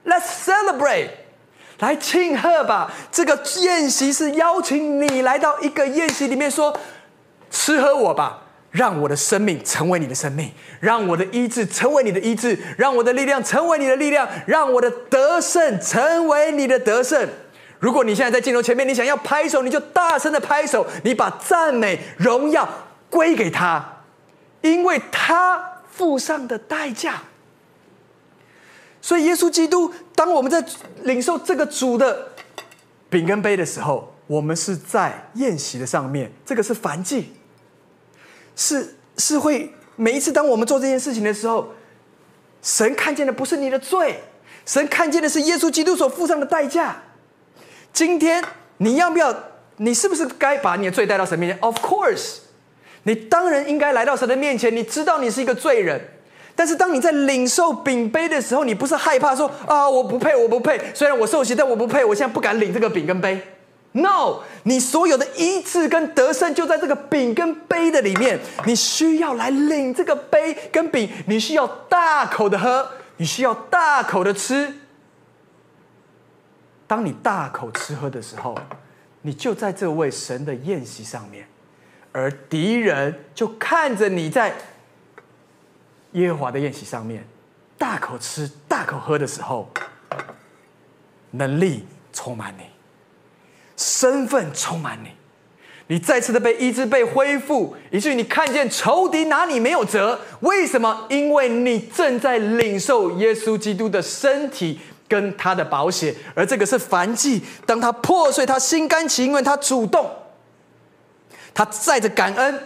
Speaker 1: ！Let's celebrate，來慶賀吧！這個宴席是邀請你來到一個宴席裡面說，說吃喝我吧。讓我的生命成為你的生命，讓我的意志成為你的意志，讓我的力量成為你的力量，讓我的得勝成為你的得勝。如果你現在在鏡頭前面，你想要拍手，你就大聲的拍手，你把讚美榮耀歸給他，因為他付上的代價。所以耶穌基督，當我們在領受這個主的餅跟杯的時候，我們是在宴席的上面，這個是繁祭。是是會，每一次當我們做這件事情的時候，神看見的不是你的罪，神看見的是耶穌基督所付上的代價。今天你要不要？你是不是該把你的罪帶到神面前？Of course，你當然應該來到神的面前。你知道你是一個罪人，但是當你在領受餅杯的時候，你不是害怕說啊，我不配，我不配。雖然我受洗，但我不配。我現在不敢領這個餅跟杯。No，你所有的醫治跟得勝就在這個餅跟杯的裡面。你需要來領這個杯跟餅，你需要大口的喝，你需要大口的吃。當你大口吃喝的時候，你就在這位神的宴席上面，而敵人就看着你在耶和華的宴席上面大口吃大口喝的時候，能力充滿你。身份充滿你，你再次的被醫治、被恢復，以至於你看見仇敵拿你沒有轍？為什麼？因為你正在領受耶穌基督的身體跟他的寶血，而這個是燔祭。當他破碎，他心甘情願，他主動，他載着感恩，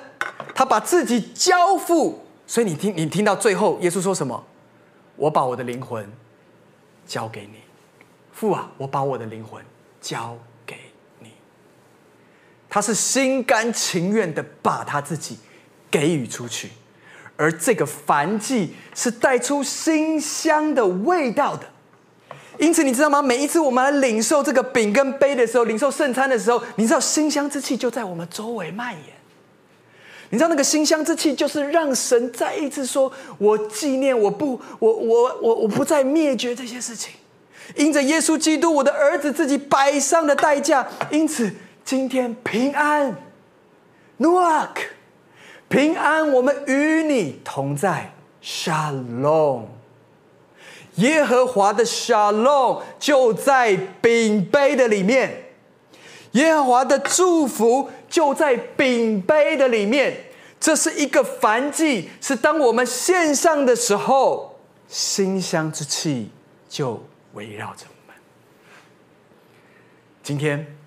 Speaker 1: 他把自己交付。所以你聽，你聽到最後，耶穌說什麼？我把我的靈魂交給你，父啊，我把我的靈魂交。他是心甘情願的把他自己給予出去，而這個燔祭是帶出馨香的味道的。因此，你知道嗎？每一次我們來領受這個餅跟杯的時候，領受聖餐的時候，你知道馨香之氣就在我們周圍蔓延。你知道那個馨香之氣，就是讓神再一次說：“我紀念，我不，我，我，我，我不再滅絕這些事情。”因着耶穌基督我的兒子自己擺上的代價，因此。今天平安，Nouak，平安，我們與你同在，Shalom。耶和華的 Shalom 就在餅杯的裡面，耶和華的祝福就在餅杯的裡面。這是一個燔祭，是當我們獻上的時候，馨香之氣就圍繞着我們。今天。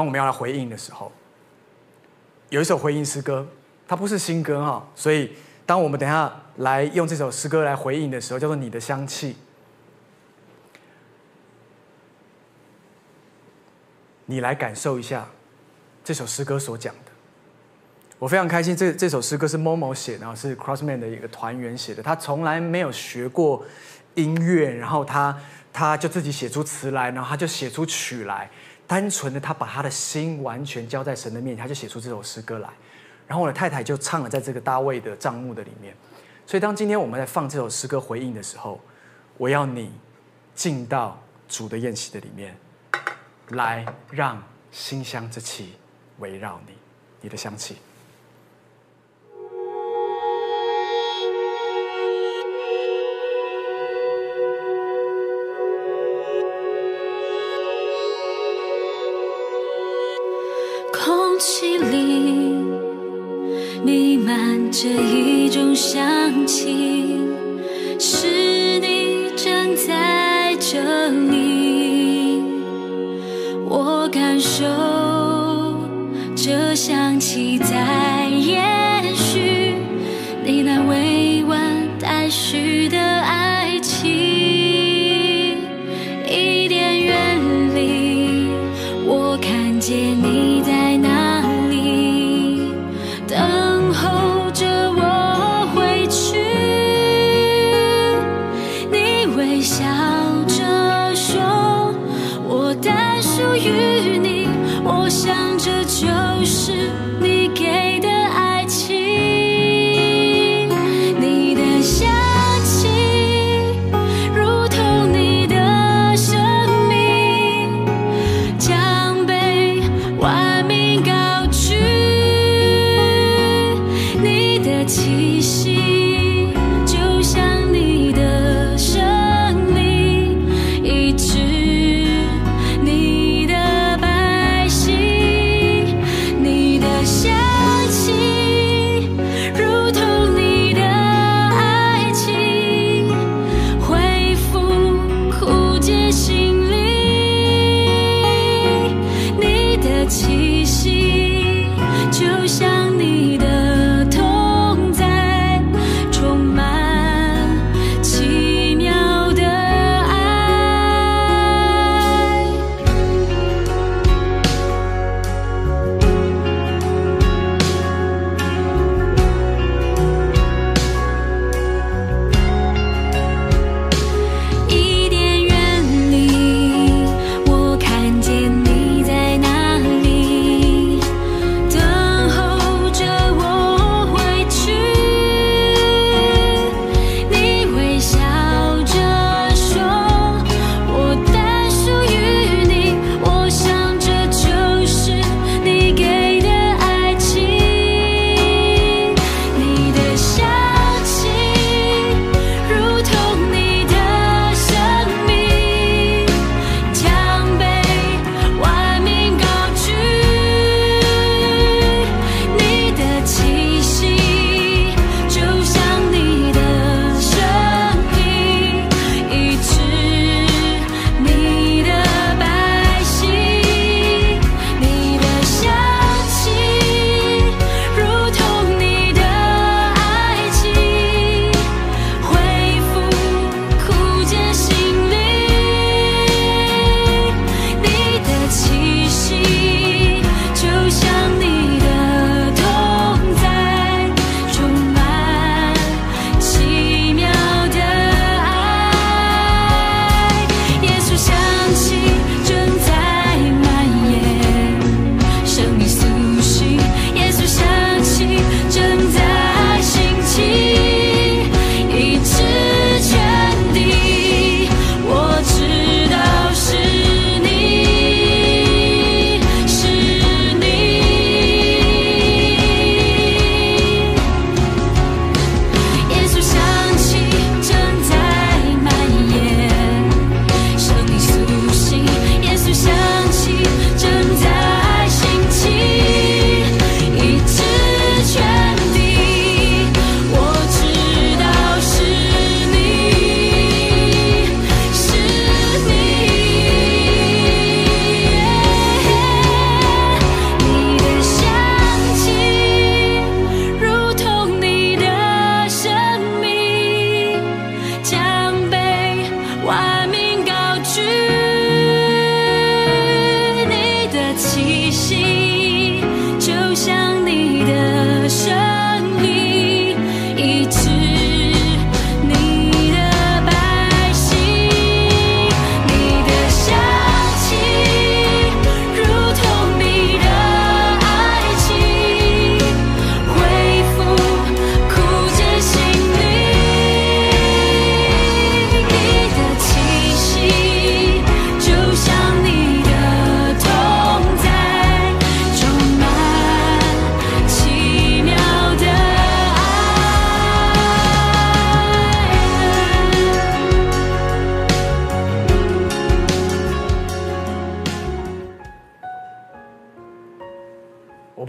Speaker 1: 當我們要來回應的時候，有一首回應詩歌，它不是新歌哈。所以，當我們等下來用這首詩歌來回應的時候，叫做《你的香氣》，你來感受一下這首詩歌所講的。我非常開心，這這首詩歌是 Momo 寫的，然後是 Crossman 的一個團員寫的。他從來沒有學過音樂，然後他他就自己寫出詞來，然後他就寫出曲來。單純的他把他的心完全交在神的面前，他就寫出這首詩歌來。然後我的太太就唱了，在這個大衛的帳幕的裡面。所以當今天我們在放這首詩歌回應的時候，我要你進到主的宴席的裡面，來讓馨香之氣圍繞你，你的香氣。.
Speaker 2: 氣裡彌漫着一種香氣，是你站在這裡，我感受這香氣在。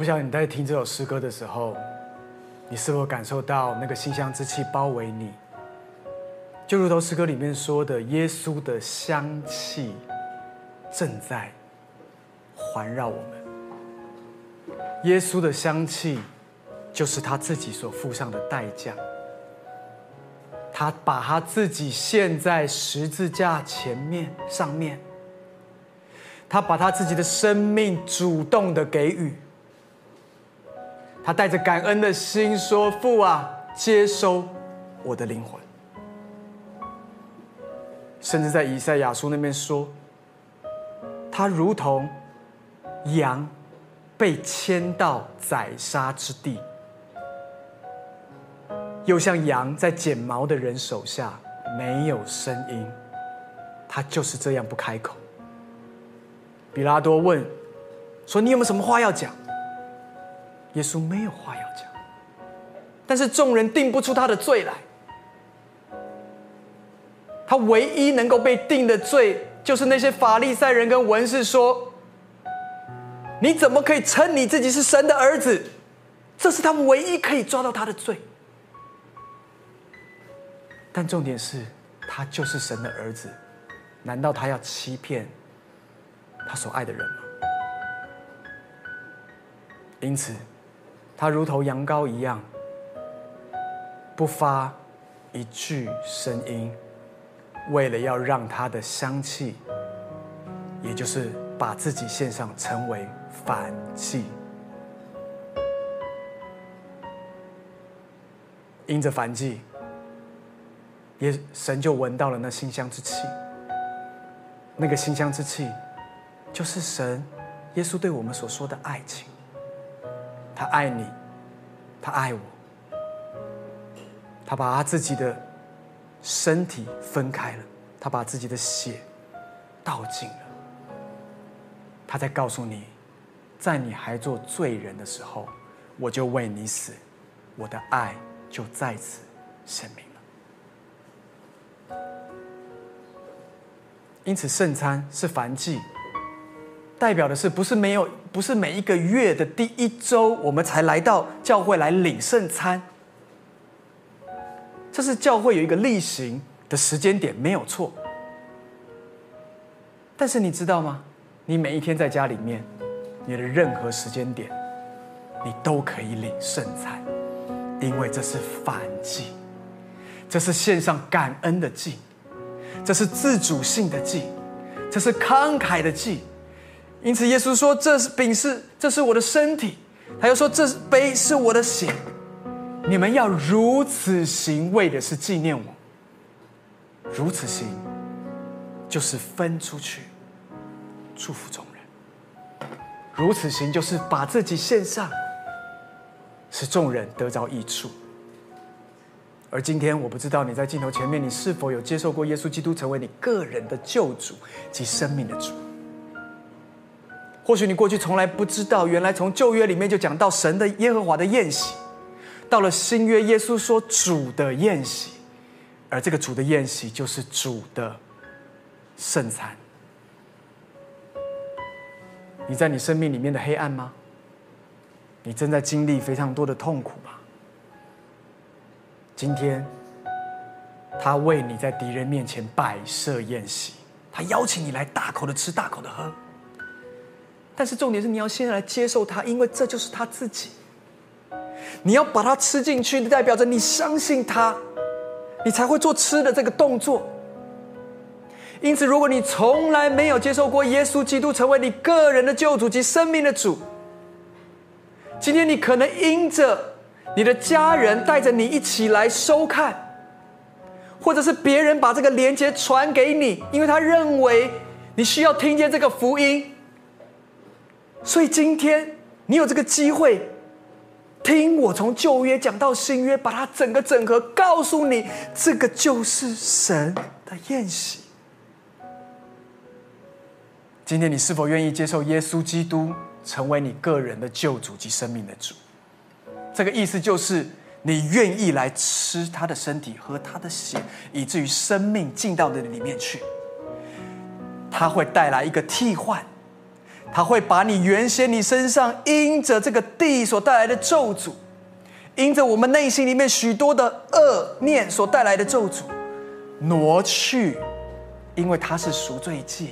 Speaker 1: 不曉得你在聽這首詩歌的時候，你是否感受到那個馨香之氣包圍你？就如同詩歌裡面說的，耶穌的香氣正在環繞我們。耶穌的香氣，就是他自己所付上的代價。他把他自己獻在十字架前面上面，他把他自己的生命主動的給予。他帶着感恩的心說：“父啊，接收我的靈魂。”甚至在以賽亞書那邊說：“他如同羊被牽到宰殺之地，又像羊在剪毛的人手下沒有聲音，他就是這樣不開口。”比拉多問：“說你有沒有什麼話要講？”耶穌沒有話要講，但是眾人定不出他的罪來。他唯一能夠被定的罪，就是那些法利賽人跟文士說：“你怎麼可以稱你自己是神的兒子？”這是他們唯一可以抓到他的罪。但重點是，他就是神的兒子，難道他要欺騙他所愛的人嗎？因此，他如同羊羔一樣，不發一句聲音，為了要讓他的香氣，也就是把自己獻上成為燔祭。因着燔祭，也神就聞到了那馨香之氣。那個馨香之氣，就是神，耶穌對我們所說的愛情。他愛你，他愛我。他把他自己的身體分開了，他把自己的血倒進了。他在告訴你，在你還做罪人的時候，我就為你死，我的愛就在此顯明了。因此，聖餐是繁祭，代表的是不是沒有？不是每一個月的第一周，我們才來到教會來領聖餐，這是教會有一個例行的時間點，沒有錯。但是你知道嗎？你每一天在家裡面，你的任何時間點，你都可以領聖餐，因為這是燔祭，這是獻上感恩的祭，這是自主性的祭，這是慷慨的祭。因此，耶穌說：“這是餅是，這是我的身體。”還有他又說：“這杯是我的血，你們要如此行，為的是紀念我。如此行，就是分出去，祝福眾人；如此行，就是把自己獻上，使眾人得着益處。”而今天，我不知道你在鏡頭前面，你是否有接受過耶穌基督，成為你個人的救主及生命的主？或許你過去從來不知道，原來從舊約裡面就講到神的耶和華的宴席，到了新約，耶穌說主的宴席，而這個主的宴席就是主的聖餐。你在你生命裡面的黑暗嗎？你正在經歷非常多的痛苦嗎？今天，他為你在敵人面前擺設宴席，他邀請你來大口的吃，大口的喝。但是重點是，你要先來接受他，因為這就是他自己。你要把他吃進去，代表着你相信他，你才會做吃的這個動作。因此，如果你從來沒有接受過耶穌基督成為你個人的救主及生命的主，今天你可能因着你的家人帶着你一起來收看，或者是別人把這個連接傳給你，因為他認為你需要聽見這個福音。所以今天你有這個機會，聽我從舊約講到新約，把它整個整合，告訴你這個就是神的筵席。今天你是否願意接受耶穌基督成為你個人的救主及生命的主？這個意思就是你願意來吃他的身體，喝他的血，以至於生命進到你裡面去。他會帶來一個替換。他會把你原先你身上因着這個地所帶來的咒詛，因着我們內心裡面許多的惡念所帶來的咒詛挪去，因爲他是贖罪祭，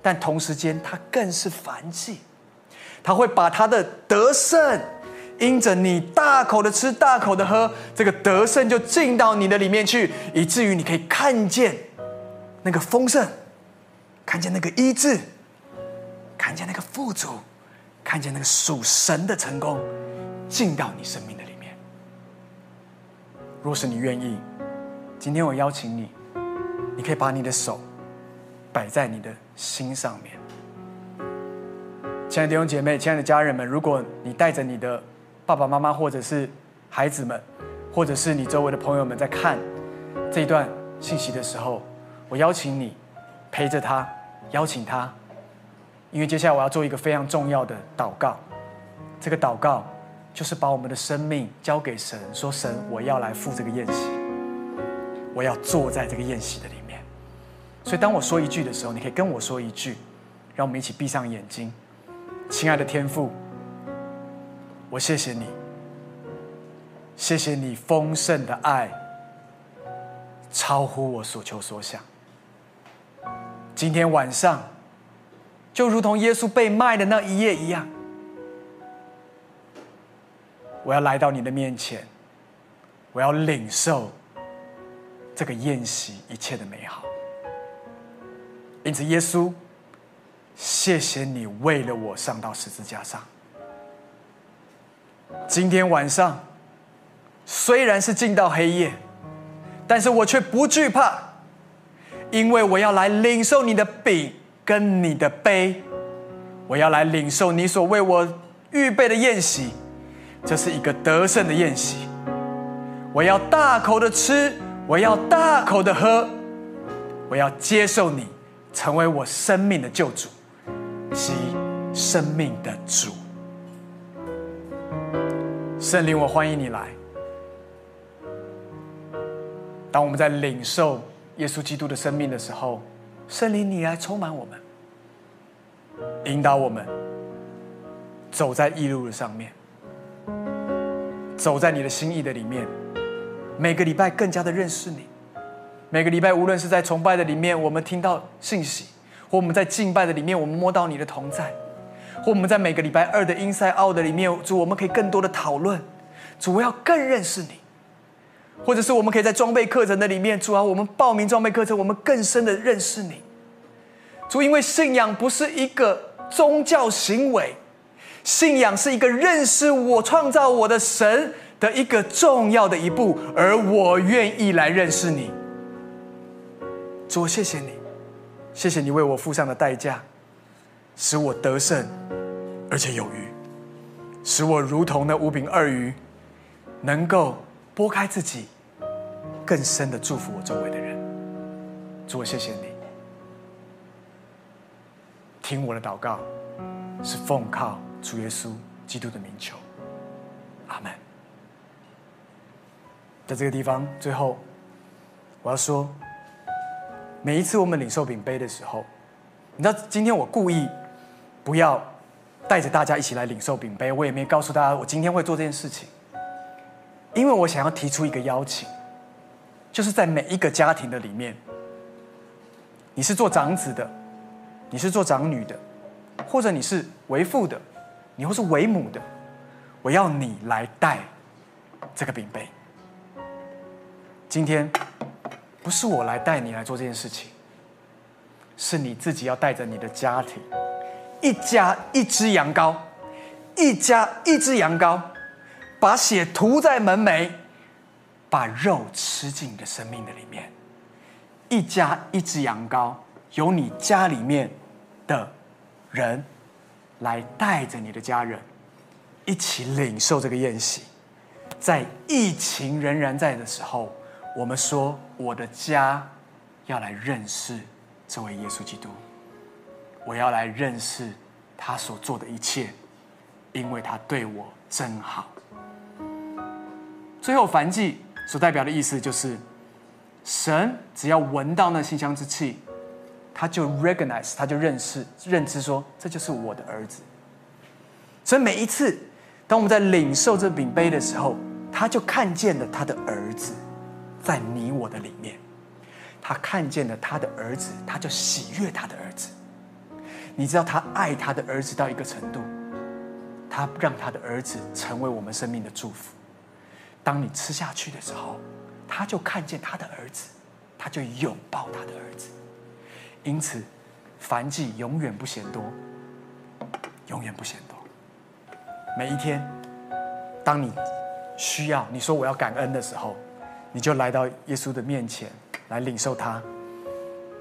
Speaker 1: 但同時間他更是燔祭。他會把他的得勝，因着你大口的吃、大口的喝，這個得勝就進到你的裡面去，以至於你可以看見那個豐盛，看見那個醫治，看見那個富足，看見那個屬神的成功，進到你生命的裡面。若是你願意，今天我邀請你，你可以把你的手擺在你的心上面。親愛的弟兄姐妹，親愛的家人們，如果你帶着你的爸爸媽媽，或者是孩子們，或者是你周圍的朋友們在看這一段信息的時候，我邀請你陪着他，邀請他。因為接下來我要做一個非常重要的禱告，這個禱告就是把我們的生命交給神，說，神，我要來赴這個宴席，我要坐在這個宴席的裡面。所以當我說一句的時候，你可以跟我說一句，讓我們一起閉上眼睛。親愛的天父，我謝謝你，謝謝你豐盛的愛，超乎我所求所想。今天晚上。就如同耶穌被賣的那一夜一樣，我要來到你的面前，我要領受這個宴席一切的美好。因此，耶穌，謝謝你為了我上到十字架上。今天晚上雖然是進到黑夜，但是我卻不懼怕，因為我要來領受你的餅。跟你的杯，我要來領受你所為我預備的宴席，這是一個得勝的宴席。我要大口的吃，我要大口的喝，我要接受你成為我生命的救主及生命的主。聖靈，我歡迎你來。當我們在領受耶穌基督的生命的時候，聖靈，你來充滿我們，引導我們走在義路的上面，走在你的心意的裡面。每個禮拜更加的認識你，每個禮拜無論是在崇拜的裡面，我們聽到信息，或我們在敬拜的裡面，我們摸到你的同在，或我們在每個禮拜二的 inside out 的裡面，主，我們可以更多的討論，主我要更認識你。或者是我們可以在裝備課程的裡面，主啊，我們報名裝備課程，我們更深的認識你，主，因為信仰不是一個宗教行為，信仰是一個認識我創造我的神的一個重要的一步，而我願意來認識你，主，我謝謝你，謝謝你為我付上的代價，使我得勝而且有餘，使我如同那五餅二魚，能夠。撥開自己，更深的祝福我周圍的人。主，我謝謝你，聽我的禱告，是奉靠主耶穌基督的名求，阿門。在這個地方，最後我要說，每一次我們領受餅杯的時候，你知道，今天我故意不要帶着大家一起來領受餅杯，我也沒告訴大家我今天會做這件事情。因為我想要提出一個邀請，就是在每一個家庭的裡面，你是做長子的，你是做長女的，或者你是為父的，你或是為母的，我要你來帶這個餅杯。今天不是我來帶你來做這件事情，是你自己要帶着你的家庭，一家一只羊羔，一家一只羊羔。把血塗在門楣，把肉吃進你的生命的裡面。一家一只羊羔，有你家裡面的人來帶着你的家人一起領受這個宴席。在疫情仍然在的時候，我們說我的家要來認識這位耶穌基督，我要來認識他所做的一切，因為他對我真好。最後，燔祭所代表的意思就是，神只要聞到那馨香之氣，他就 recognize，他就認識、認知說，這就是我的兒子。所以每一次當我們在領受這餅杯的時候，他就看見了他的兒子在你我的裡面，他看見了他的兒子，他就喜悅他的兒子。你知道他愛他的兒子到一個程度，他讓他的兒子成為我們生命的祝福。當你吃下去的時候，他就看見他的兒子，他就擁抱他的兒子。因此，凡祭永遠不嫌多，永遠不嫌多。每一天，當你需要你說我要感恩的時候，你就來到耶穌的面前來領受他，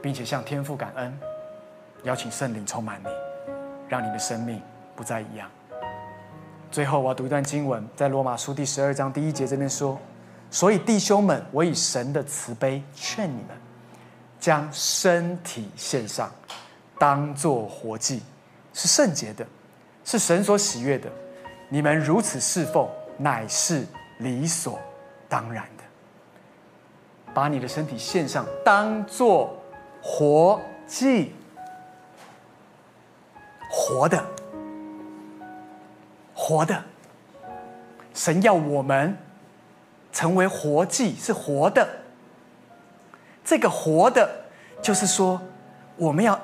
Speaker 1: 並且向天父感恩，邀請聖靈充滿你，讓你的生命不再一樣。最後，我要讀一段經文，在羅馬書第十二章第一節這邊說：“所以，弟兄們，我以神的慈悲勸你們，將身體獻上，當做活祭，是聖潔的，是神所喜悅的。你們如此侍奉，乃是理所當然的。把你的身體獻上，當做活祭，活的。”活的，神要我們成為活祭，是活的。這個活的，就是說，我們要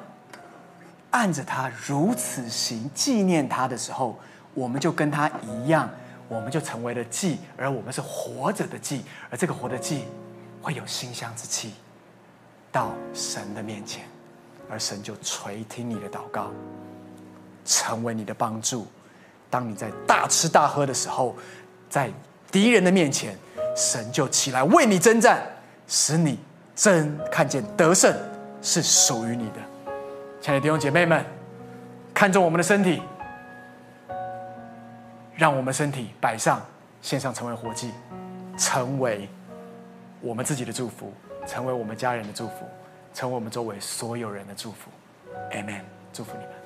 Speaker 1: 按着他如此行，紀念他的時候，我們就跟他一樣，我們就成為了祭，而我們是活着的祭，而這個活的祭會有馨香之氣到神的面前，而神就垂聽你的禱告，成為你的幫助。當你在大吃大喝的時候，在敵人的面前，神就起來為你征戰，使你真看見得勝是屬於你的。親愛的弟兄姐妹們，看重我們的身體，讓我們身體擺上、獻上，成為活祭，成為我們自己的祝福，成為我們家人的祝福，成為我們周圍所有人的祝福。阿門！祝福你們。